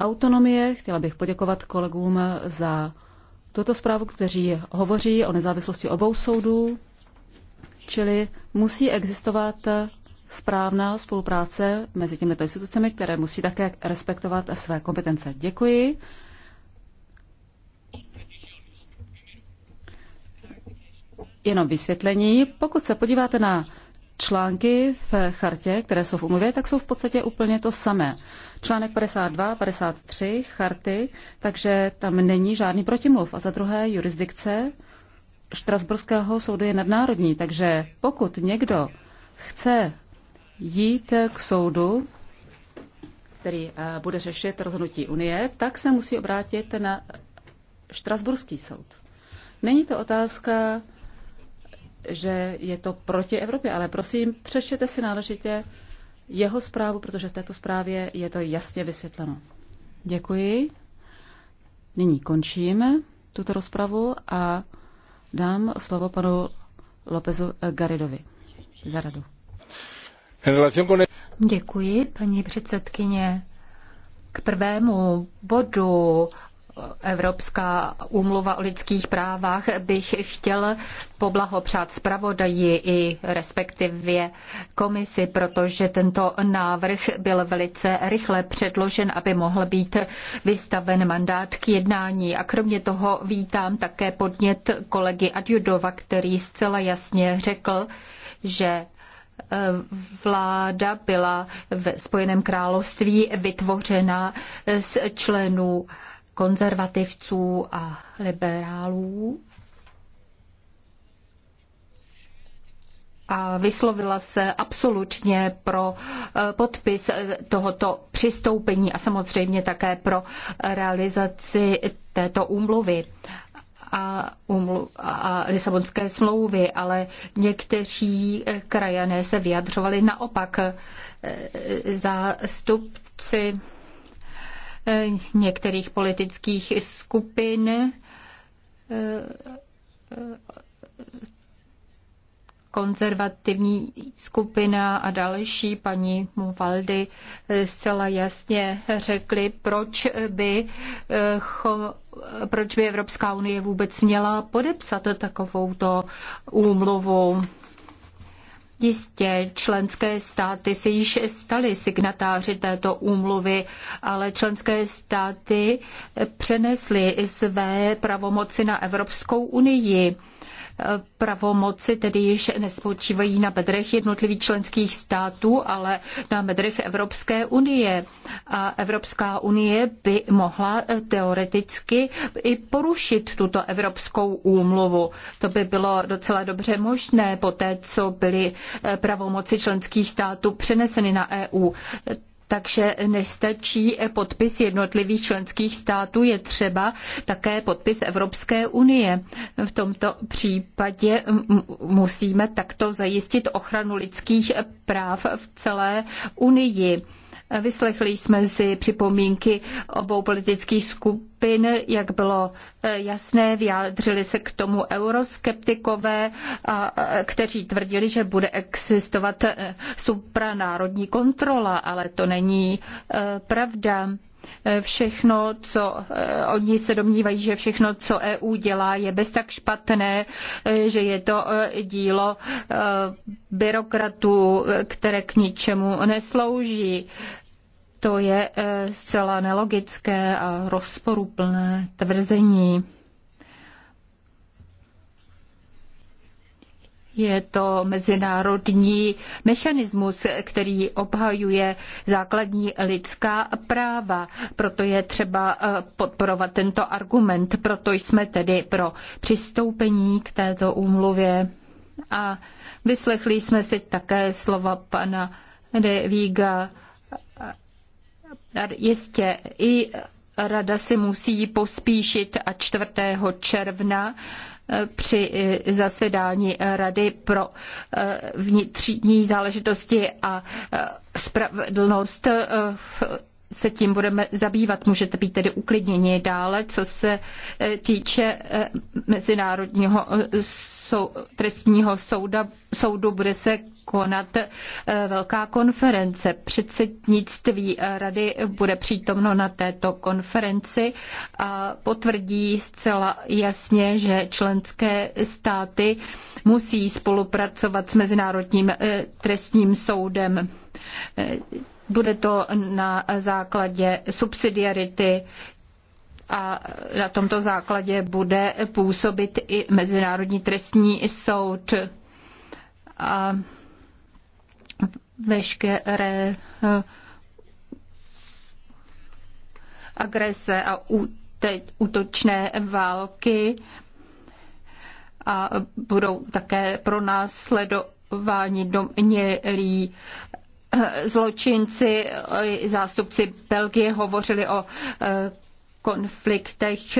autonomie. Chtěla bych poděkovat kolegům eh, za tuto zprávu, kteří hovoří o nezávislosti obou soudů, čili musí existovat eh, správná spolupráce mezi těmito institucemi, které musí také respektovat své kompetence. Děkuji. jenom vysvětlení. Pokud se podíváte na články v chartě, které jsou v umluvě, tak jsou v podstatě úplně to samé. Článek 52, 53 charty, takže tam není žádný protimluv. A za druhé, jurisdikce Štrasburského soudu je nadnárodní, takže pokud někdo chce jít k soudu, který eh, bude řešit rozhodnutí Unie, tak se musí obrátit na Štrasburský soud. Není to otázka že je to proti Evropě, ale prosím, přečtěte si náležitě jeho zprávu, protože v této zprávě je to jasně vysvětleno. Děkuji. Nyní končíme tuto rozpravu a dám slovo panu Lopezu Garidovi. radu. Děkuji, paní předsedkyně. K prvému bodu Evropská úmluva o lidských právách, bych chtěl poblahopřát zpravodaji i respektive komisi, protože tento návrh byl velice rychle předložen, aby mohl být vystaven mandát k jednání. A kromě toho vítám také podnět kolegy Adjudova, který zcela jasně řekl, že e, vláda byla v Spojeném království vytvořena z členů konzervativců a liberálů. A vyslovila se absolutně pro eh, podpis eh, tohoto přistoupení a samozřejmě také pro realizaci této úmluvy a, umlu- a Lisabonské smlouvy, ale někteří eh, krajané se vyjadřovali naopak. Zástupci některých politických skupin konzervativní skupina a další paní Movaldy zcela jasně řekli, proč by, proč by Evropská unie vůbec měla podepsat takovouto úmluvu. Jistě členské státy se již staly signatáři této úmluvy, ale členské státy přenesly své pravomoci na Evropskou unii pravomoci tedy již nespočívají na bedrech jednotlivých členských států, ale na bedrech Evropské unie. A Evropská unie by mohla eh, teoreticky i porušit tuto Evropskou úmluvu. To by bylo docela dobře možné po té, co byly eh, pravomoci členských států přeneseny na EU. Takže nestačí podpis jednotlivých členských států, je třeba také podpis Evropské unie. V tomto případě musíme takto zajistit ochranu lidských práv v celé unii. Vyslechli jsme si připomínky obou politických skupin, jak bylo eh, jasné, vyjádřili se k tomu euroskeptikové, eh, kteří tvrdili, že bude existovat eh, supranárodní kontrola, ale to není pravda všechno, co eh, oni se domnívají, že všechno, co EU dělá, je bez tak špatné, eh, že je to eh, dílo byrokratů, které k ničemu neslouží. To je zcela nelogické a rozporuplné tvrzení. Je to mezinárodní mechanismus, který obhajuje základní lidská práva. Proto je třeba eh, podporovat tento argument. Proto jsme tedy pro přistoupení k této úmluvě. A vyslechli jsme si také slova pana De Viga. Jistě i rada si musí pospíšit a 4. června eh, při eh, zasedání Rady pro eh, vnitřní záležitosti a spravedlnost se tím budeme zabývat. Můžete být tedy uklidněni dále, co se eh, týče eh, Mezinárodního eh, sou, trestního souda, soudu. Bude se konat velká konference. Předsednictví rady bude přítomno na této konferenci a potvrdí zcela jasně, že členské státy musí spolupracovat s Mezinárodním trestním soudem. Bude to na základě subsidiarity a na tomto základě bude působit i Mezinárodní trestní soud. A veškeré eh, agrese a útočné války a budou také pro nás sledovány domnělí zločinci, zástupci Belgie hovořili o e, konfliktech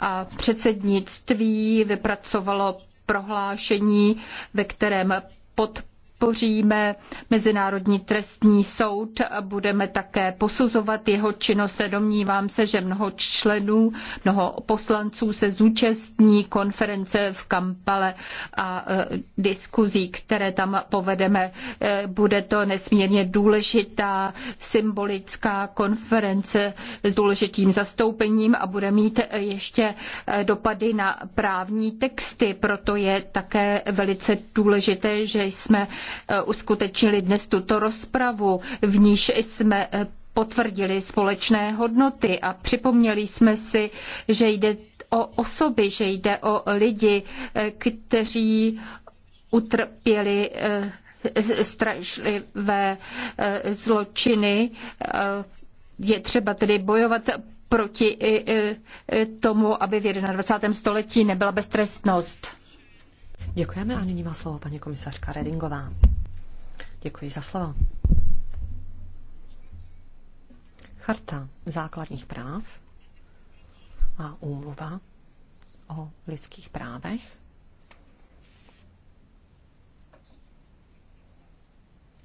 a předsednictví vypracovalo prohlášení, ve kterém podporovalo podpoříme Mezinárodní trestní soud, budeme také posuzovat jeho činnost. Domnívám se, že mnoho členů, mnoho poslanců se zúčastní konference v Kampale a e, diskuzí, které tam povedeme. E, bude to nesmírně důležitá symbolická konference s důležitým zastoupením a bude mít ještě e, dopady na právní texty. Proto je také velice důležité, že jsme Eh, uskutečnili dnes tuto rozpravu, v níž jsme eh, potvrdili společné hodnoty a připomněli jsme si, že jde o osoby, že jde o lidi, eh, kteří utrpěli strašlivé zločiny. Je třeba tedy bojovat proti tomu, aby v 21. století nebyla beztrestnost. Děkujeme a nyní má slovo paní komisařka Redingová. Děkuji za slovo. Charta základních práv a úmluva o lidských právech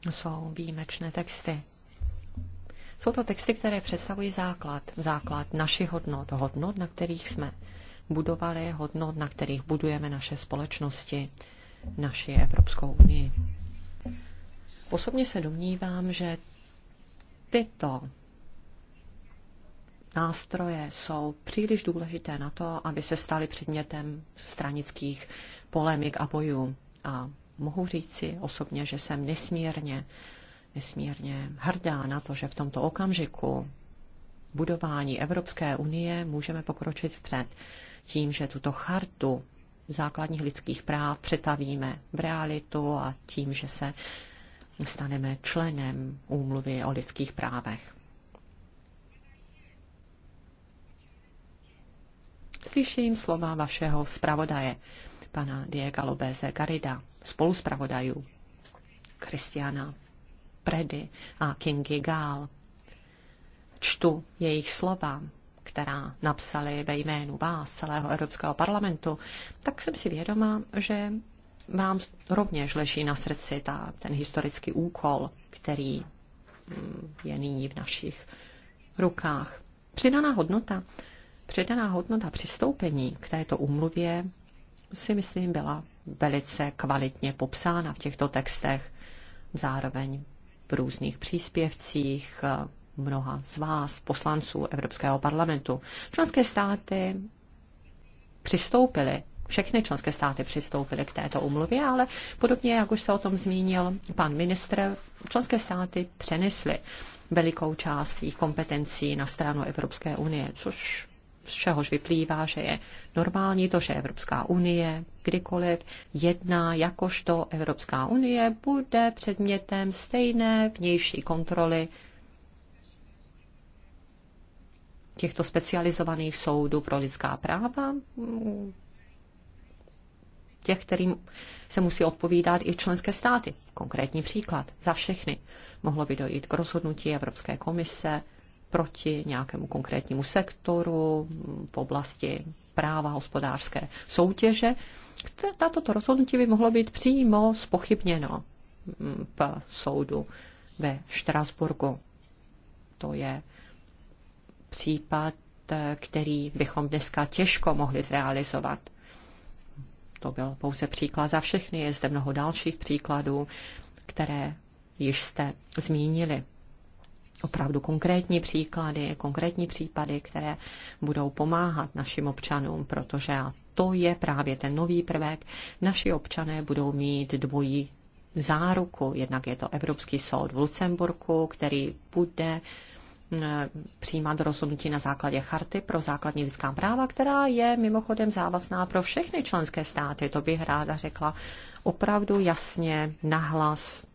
jsou výjimečné texty. Jsou to texty, které představují základ, základ našich hodnot, hodnot, na kterých jsme budovali, hodnot, na kterých budujeme naše společnosti, naši Evropskou unii. Osobně se domnívám, že tyto nástroje jsou příliš důležité na to, aby se staly předmětem stranických polemik a bojů. A mohu říci osobně, že jsem nesmírně, nesmírně hrdá na to, že v tomto okamžiku budování Evropské unie můžeme pokročit vpřed tím, že tuto chartu základních lidských práv přetavíme v realitu a tím, že se staneme členem úmluvy o lidských právech. Slyším slova vašeho zpravodaje, pana Diego Lobeze Garida, spoluzpravodajů Kristiana Predy a Kingy Gál. Čtu jejich slova která napsali ve jménu vás, celého Evropského parlamentu, tak jsem si vědoma, že vám rovněž leží na srdci ta, ten historický úkol, který mm, je nyní v našich rukách. Přidaná hodnota, přidaná hodnota přistoupení k této úmluvě si myslím byla velice kvalitně popsána v těchto textech, zároveň v různých příspěvcích, mnoha z vás, poslanců Evropského parlamentu. Členské státy přistoupily všechny členské státy přistoupily k této umluvě, ale podobně, jak už se o tom zmínil pan ministr, členské státy přenesly velikou část svých kompetencí na stranu Evropské unie, což z čehož vyplývá, že je normální to, že Evropská unie kdykoliv jedná jakožto Evropská unie bude předmětem stejné vnější kontroly těchto specializovaných soudů pro lidská práva, těch, kterým se musí odpovídat i členské státy. Konkrétní příklad za všechny. Mohlo by dojít k rozhodnutí Evropské komise proti nějakému konkrétnímu sektoru v oblasti práva hospodářské soutěže. Tato rozhodnutí by mohlo být přímo spochybněno v soudu ve Štrasburgu. To je případ, eh, který bychom dneska těžko mohli zrealizovat. To byl pouze příklad za všechny, je zde mnoho dalších příkladů, které již jste zmínili. Opravdu konkrétní příklady, konkrétní případy, které budou pomáhat našim občanům, protože a to je právě ten nový prvek. Naši občané budou mít dvojí záruku. Jednak je to Evropský soud v Lucemburku, který bude Eh, přijímat rozhodnutí na základě charty pro základní lidská práva, která je mimochodem závazná pro všechny členské státy. To bych ráda řekla opravdu jasně, nahlas,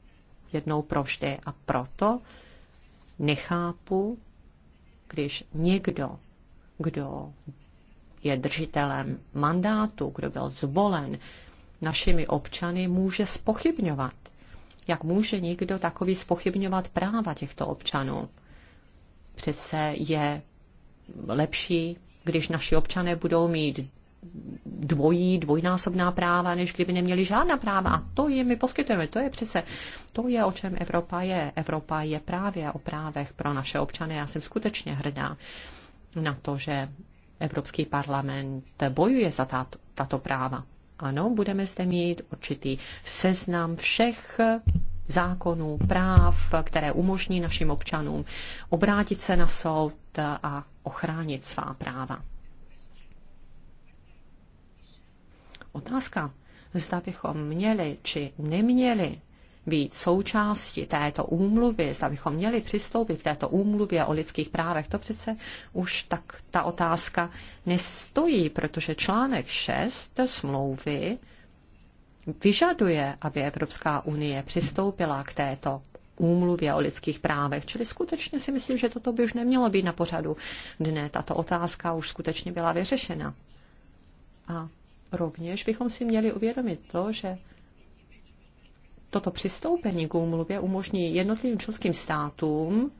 jednou provždy. A proto nechápu, když někdo, kdo je držitelem mandátu, kdo byl zvolen našimi občany, může spochybňovat. Jak může někdo takový spochybňovat práva těchto občanů? Přece je lepší, když naši občané budou mít dvojí, dvojnásobná práva, než kdyby neměli žádná práva. A to je my poskytujeme. To je přece, to je o čem Evropa je. Evropa je právě o právech pro naše občany. Já jsem skutečně hrdá na to, že Evropský parlament bojuje za tato, tato práva. Ano, budeme zde mít určitý seznam všech zákonů, práv, které umožní našim občanům obrátit se na soud a ochránit svá práva. Otázka, zda bychom měli či neměli být součástí této úmluvy, zda bychom měli přistoupit k této úmluvě o lidských právech, to přece už tak ta otázka nestojí, protože článek 6 smlouvy vyžaduje, aby Evropská unie přistoupila k této úmluvě o lidských právech. Čili skutečně si myslím, že toto by už nemělo být na pořadu dne. Tato otázka už skutečně byla vyřešena. A rovněž bychom si měli uvědomit to, že toto přistoupení k úmluvě umožní jednotlivým členským státům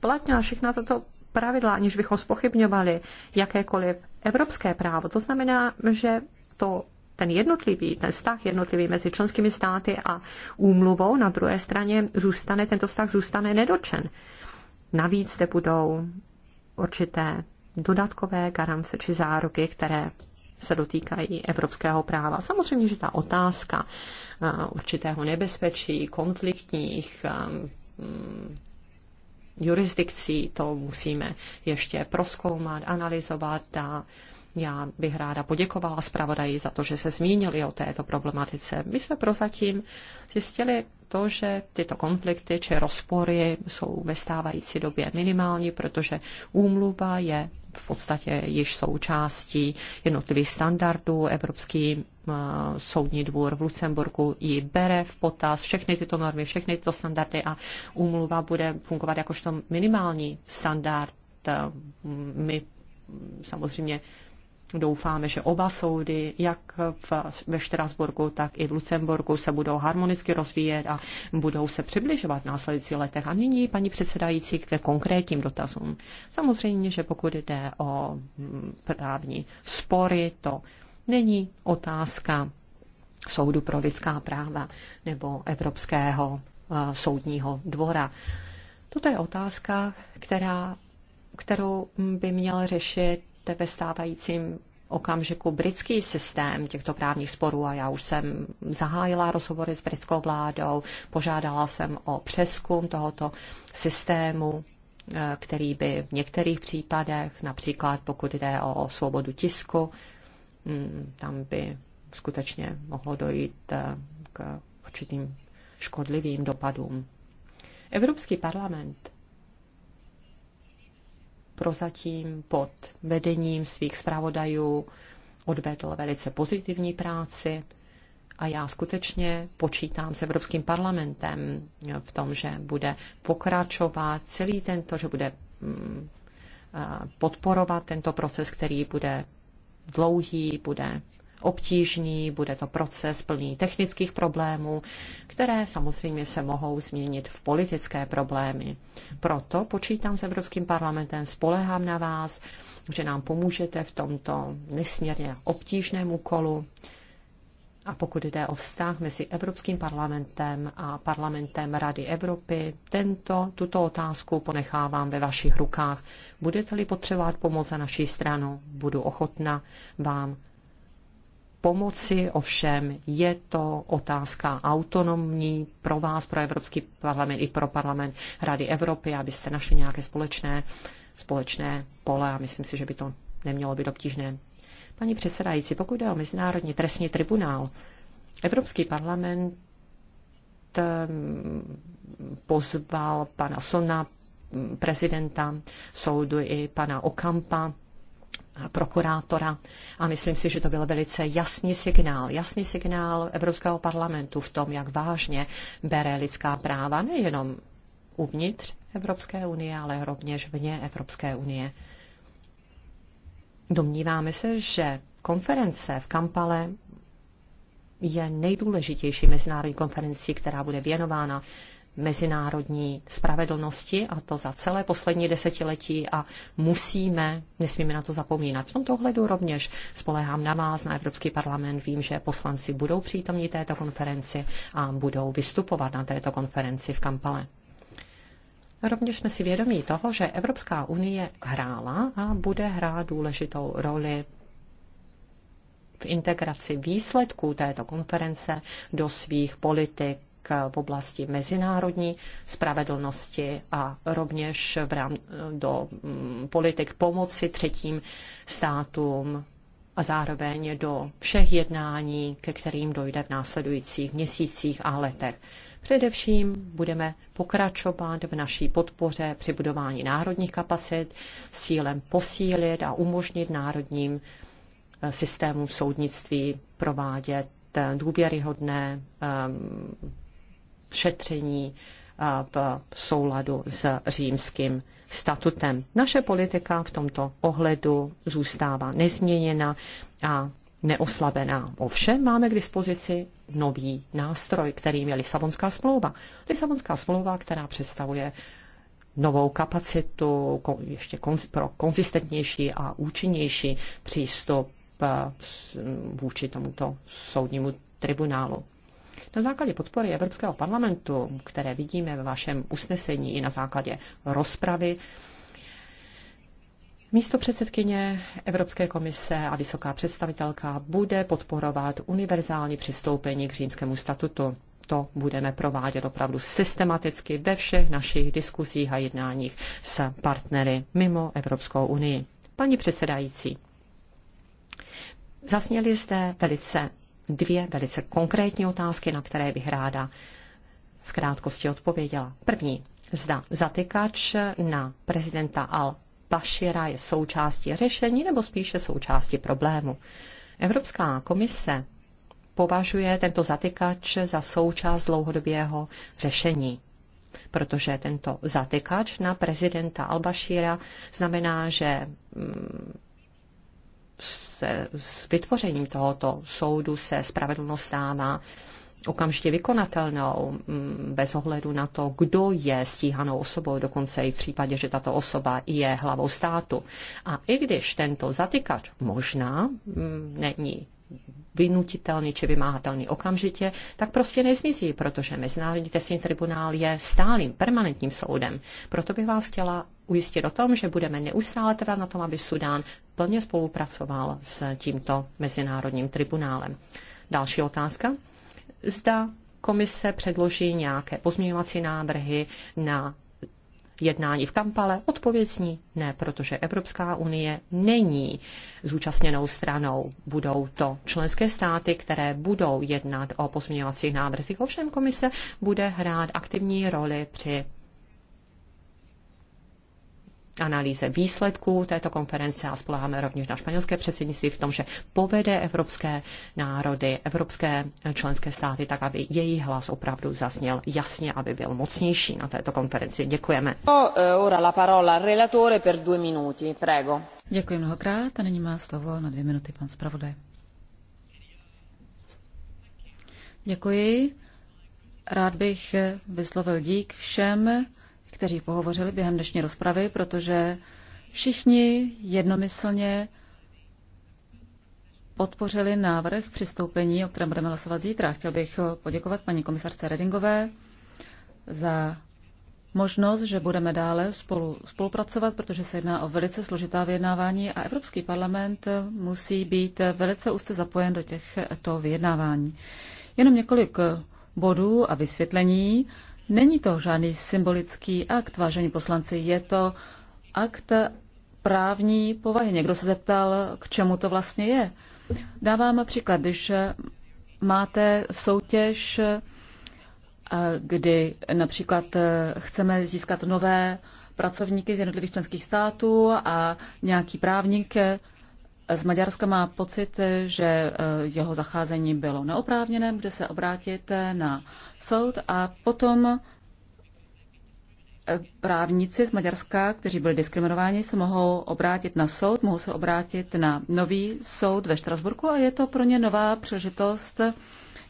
uplatňovat všechna tato pravidla, aniž bychom spochybňovali jakékoliv evropské právo. To znamená, že to ten jednotlivý, ten vztah jednotlivý mezi členskými státy a úmluvou na druhé straně zůstane, tento vztah zůstane nedočen. Navíc zde budou určité dodatkové garance či záruky, které se dotýkají evropského práva. Samozřejmě, že ta otázka eh, určitého nebezpečí, konfliktních eh, jurisdikcí, to musíme ještě proskoumat, analyzovat a já bych ráda poděkovala zpravodaji za to, že se zmínili o této problematice. My jsme prozatím zjistili to, že tyto konflikty či rozpory jsou ve stávající době minimální, protože úmluva je v podstatě již součástí jednotlivých standardů. Evropský eh, soudní dvůr v Lucemburku ji bere v potaz, všechny tyto normy, všechny tyto standardy a úmluva bude fungovat jakožto minimální standard. Eh, my samozřejmě Doufáme, že oba soudy, jak v, ve Štrasburgu, tak i v Lucemburku, se budou harmonicky rozvíjet a budou se přibližovat v následujících letech. A nyní, paní předsedající, k konkrétním dotazům. Samozřejmě, že pokud jde o mm, právní spory, to není otázka Soudu pro lidská práva nebo Evropského eh, soudního dvora. Toto je otázka, která, kterou by měl řešit ve stávajícím okamžiku britský systém těchto právních sporů a já už jsem zahájila rozhovory s britskou vládou, požádala jsem o přeskum tohoto systému, eh, který by v některých případech, například pokud jde o svobodu tisku, mm, tam by skutečně mohlo dojít eh, k určitým škodlivým dopadům. Evropský parlament prozatím pod vedením svých zpravodajů odvedl velice pozitivní práci a já skutečně počítám s Evropským parlamentem v tom, že bude pokračovat celý tento, že bude mm, podporovat tento proces, který bude dlouhý, bude obtížný, bude to proces plný technických problémů, které samozřejmě se mohou změnit v politické problémy. Proto počítám s Evropským parlamentem, spolehám na vás, že nám pomůžete v tomto nesmírně obtížném úkolu. A pokud jde o vztah mezi Evropským parlamentem a parlamentem Rady Evropy, tento, tuto otázku ponechávám ve vašich rukách. Budete-li potřebovat pomoc za naší stranu, budu ochotna vám pomoci, ovšem je to otázka autonomní pro vás, pro Evropský parlament i pro parlament Rady Evropy, abyste našli nějaké společné, společné pole a myslím si, že by to nemělo být obtížné. Paní předsedající, pokud jde o Mezinárodní trestní tribunál, Evropský parlament ehm, pozval pana Sona, prezidenta soudu i pana Okampa, prokurátora a myslím si, že to byl velice jasný signál, jasný signál Evropského parlamentu v tom, jak vážně bere lidská práva nejenom uvnitř Evropské unie, ale rovněž vně Evropské unie. Domníváme se, že konference v Kampale je nejdůležitější mezinárodní konferenci, která bude věnována mezinárodní spravedlnosti, a to za celé poslední desetiletí a musíme, nesmíme na to zapomínat. V tomto ohledu rovněž spolehám na vás, na Evropský parlament. Vím, že poslanci budou přítomní této konferenci a budou vystupovat na této konferenci v Kampale. Rovněž jsme si vědomí toho, že Evropská unie hrála a bude hrát důležitou roli v integraci výsledků této konference do svých politik v oblasti mezinárodní spravedlnosti a rovněž v rám, do mm, politik pomoci třetím státům a zároveň do všech jednání, ke kterým dojde v následujících měsících a letech. Především budeme pokračovat v naší podpoře při budování národních kapacit s cílem posílit a umožnit národním eh, systémům soudnictví provádět eh, důvěryhodné ehm, šetření v souladu s římským statutem. Naše politika v tomto ohledu zůstává nezměněna a neoslabená. Ovšem máme k dispozici nový nástroj, kterým je Lisabonská smlouva. Lisabonská smlouva, která představuje novou kapacitu ještě pro konzistentnější a účinnější přístup vůči tomuto soudnímu tribunálu. Na základě podpory Evropského parlamentu, které vidíme ve vašem usnesení i na základě rozpravy, Místo předsedkyně Evropské komise a vysoká představitelka bude podporovat univerzální přistoupení k římskému statutu. To budeme provádět opravdu systematicky ve všech našich diskuzích a jednáních s partnery mimo Evropskou unii. Paní předsedající, zasněli jste velice dvě velice konkrétní otázky, na které bych ráda v krátkosti odpověděla. První, zda zatykač na prezidenta Al-Bashira je součástí řešení nebo spíše součástí problému. Evropská komise považuje tento zatykač za součást dlouhodobého řešení protože tento zatykač na prezidenta Al Al-Bashira znamená, že mm, se, s vytvořením tohoto soudu se spravedlnost stává okamžitě vykonatelnou mm, bez ohledu na to, kdo je stíhanou osobou, dokonce i v případě, že tato osoba je hlavou státu. A i když tento zatykač možná mm, není vynutitelný či vymáhatelný okamžitě, tak prostě nezmizí, protože Mezinárodní trestní tribunál je stálým, permanentním soudem. Proto bych vás chtěla ujistit o tom, že budeme neustále trvat na tom, aby Sudán plně spolupracoval s tímto mezinárodním tribunálem. Další otázka. Zda komise předloží nějaké pozměňovací návrhy na jednání v Kampale? Odpověď zní ne, protože Evropská unie není zúčastněnou stranou. Budou to členské státy, které budou jednat o pozměňovacích návrzích. Ovšem komise bude hrát aktivní roli při analýze výsledků této konference a spoleháme rovněž na španělské předsednictví v tom, že povede evropské národy, evropské členské státy, tak aby její hlas opravdu zazněl jasně, aby byl mocnější na této konferenci. Děkujeme. Děkuji mnohokrát a nyní má slovo na dvě minuty pan zpravodaj. Děkuji. Rád bych vyslovil dík všem kteří pohovořili během dnešní rozpravy, protože všichni jednomyslně podpořili návrh přistoupení, o kterém budeme hlasovat zítra. Chtěl bych poděkovat paní komisarce Redingové za možnost, že budeme dále spolu, spolupracovat, protože se jedná o velice složitá vyjednávání a Evropský parlament musí být velice úzce zapojen do těchto vyjednávání. Jenom několik bodů a vysvětlení. Není to žádný symbolický akt, vážení poslanci, je to akt právní povahy. Někdo se zeptal, k čemu to vlastně je. Dávám příklad, když máte soutěž, kdy například chceme získat nové pracovníky z jednotlivých členských států a nějaký právník z Maďarska má pocit, že eh, jeho zacházení bylo neoprávněné, bude se obrátit eh, na soud a potom eh, právníci z Maďarska, kteří byli diskriminováni, se mohou obrátit na soud, mohou se obrátit na nový soud ve Štrasburku a je to pro ně nová příležitost,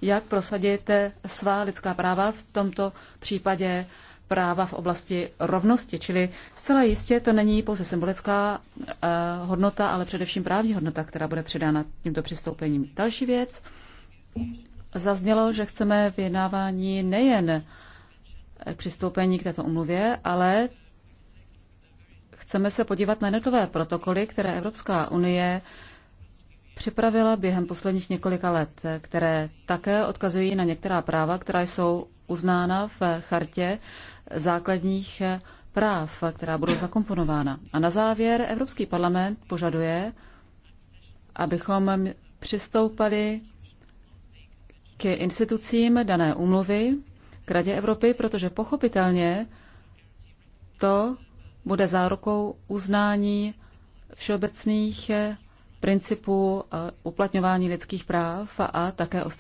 jak prosadit svá lidská práva, v tomto případě práva v oblasti rovnosti. Čili zcela jistě to není pouze symbolická eh, hodnota, ale především právní hodnota, která bude přidána tímto přistoupením. Další věc. Zaznělo, že chceme vyjednávání nejen k eh, přistoupení k této umluvě, ale chceme se podívat na jednotlivé protokoly, které Evropská unie připravila během posledních několika let, eh, které také odkazují na některá práva, která jsou uznána v chartě základních eh, práv, která budou zakomponována. A na závěr Evropský parlament požaduje, abychom přistoupali k institucím dané úmluvy, k Radě Evropy, protože pochopitelně to bude zárukou uznání všeobecných eh, principů eh, uplatňování lidských práv a také ostatních.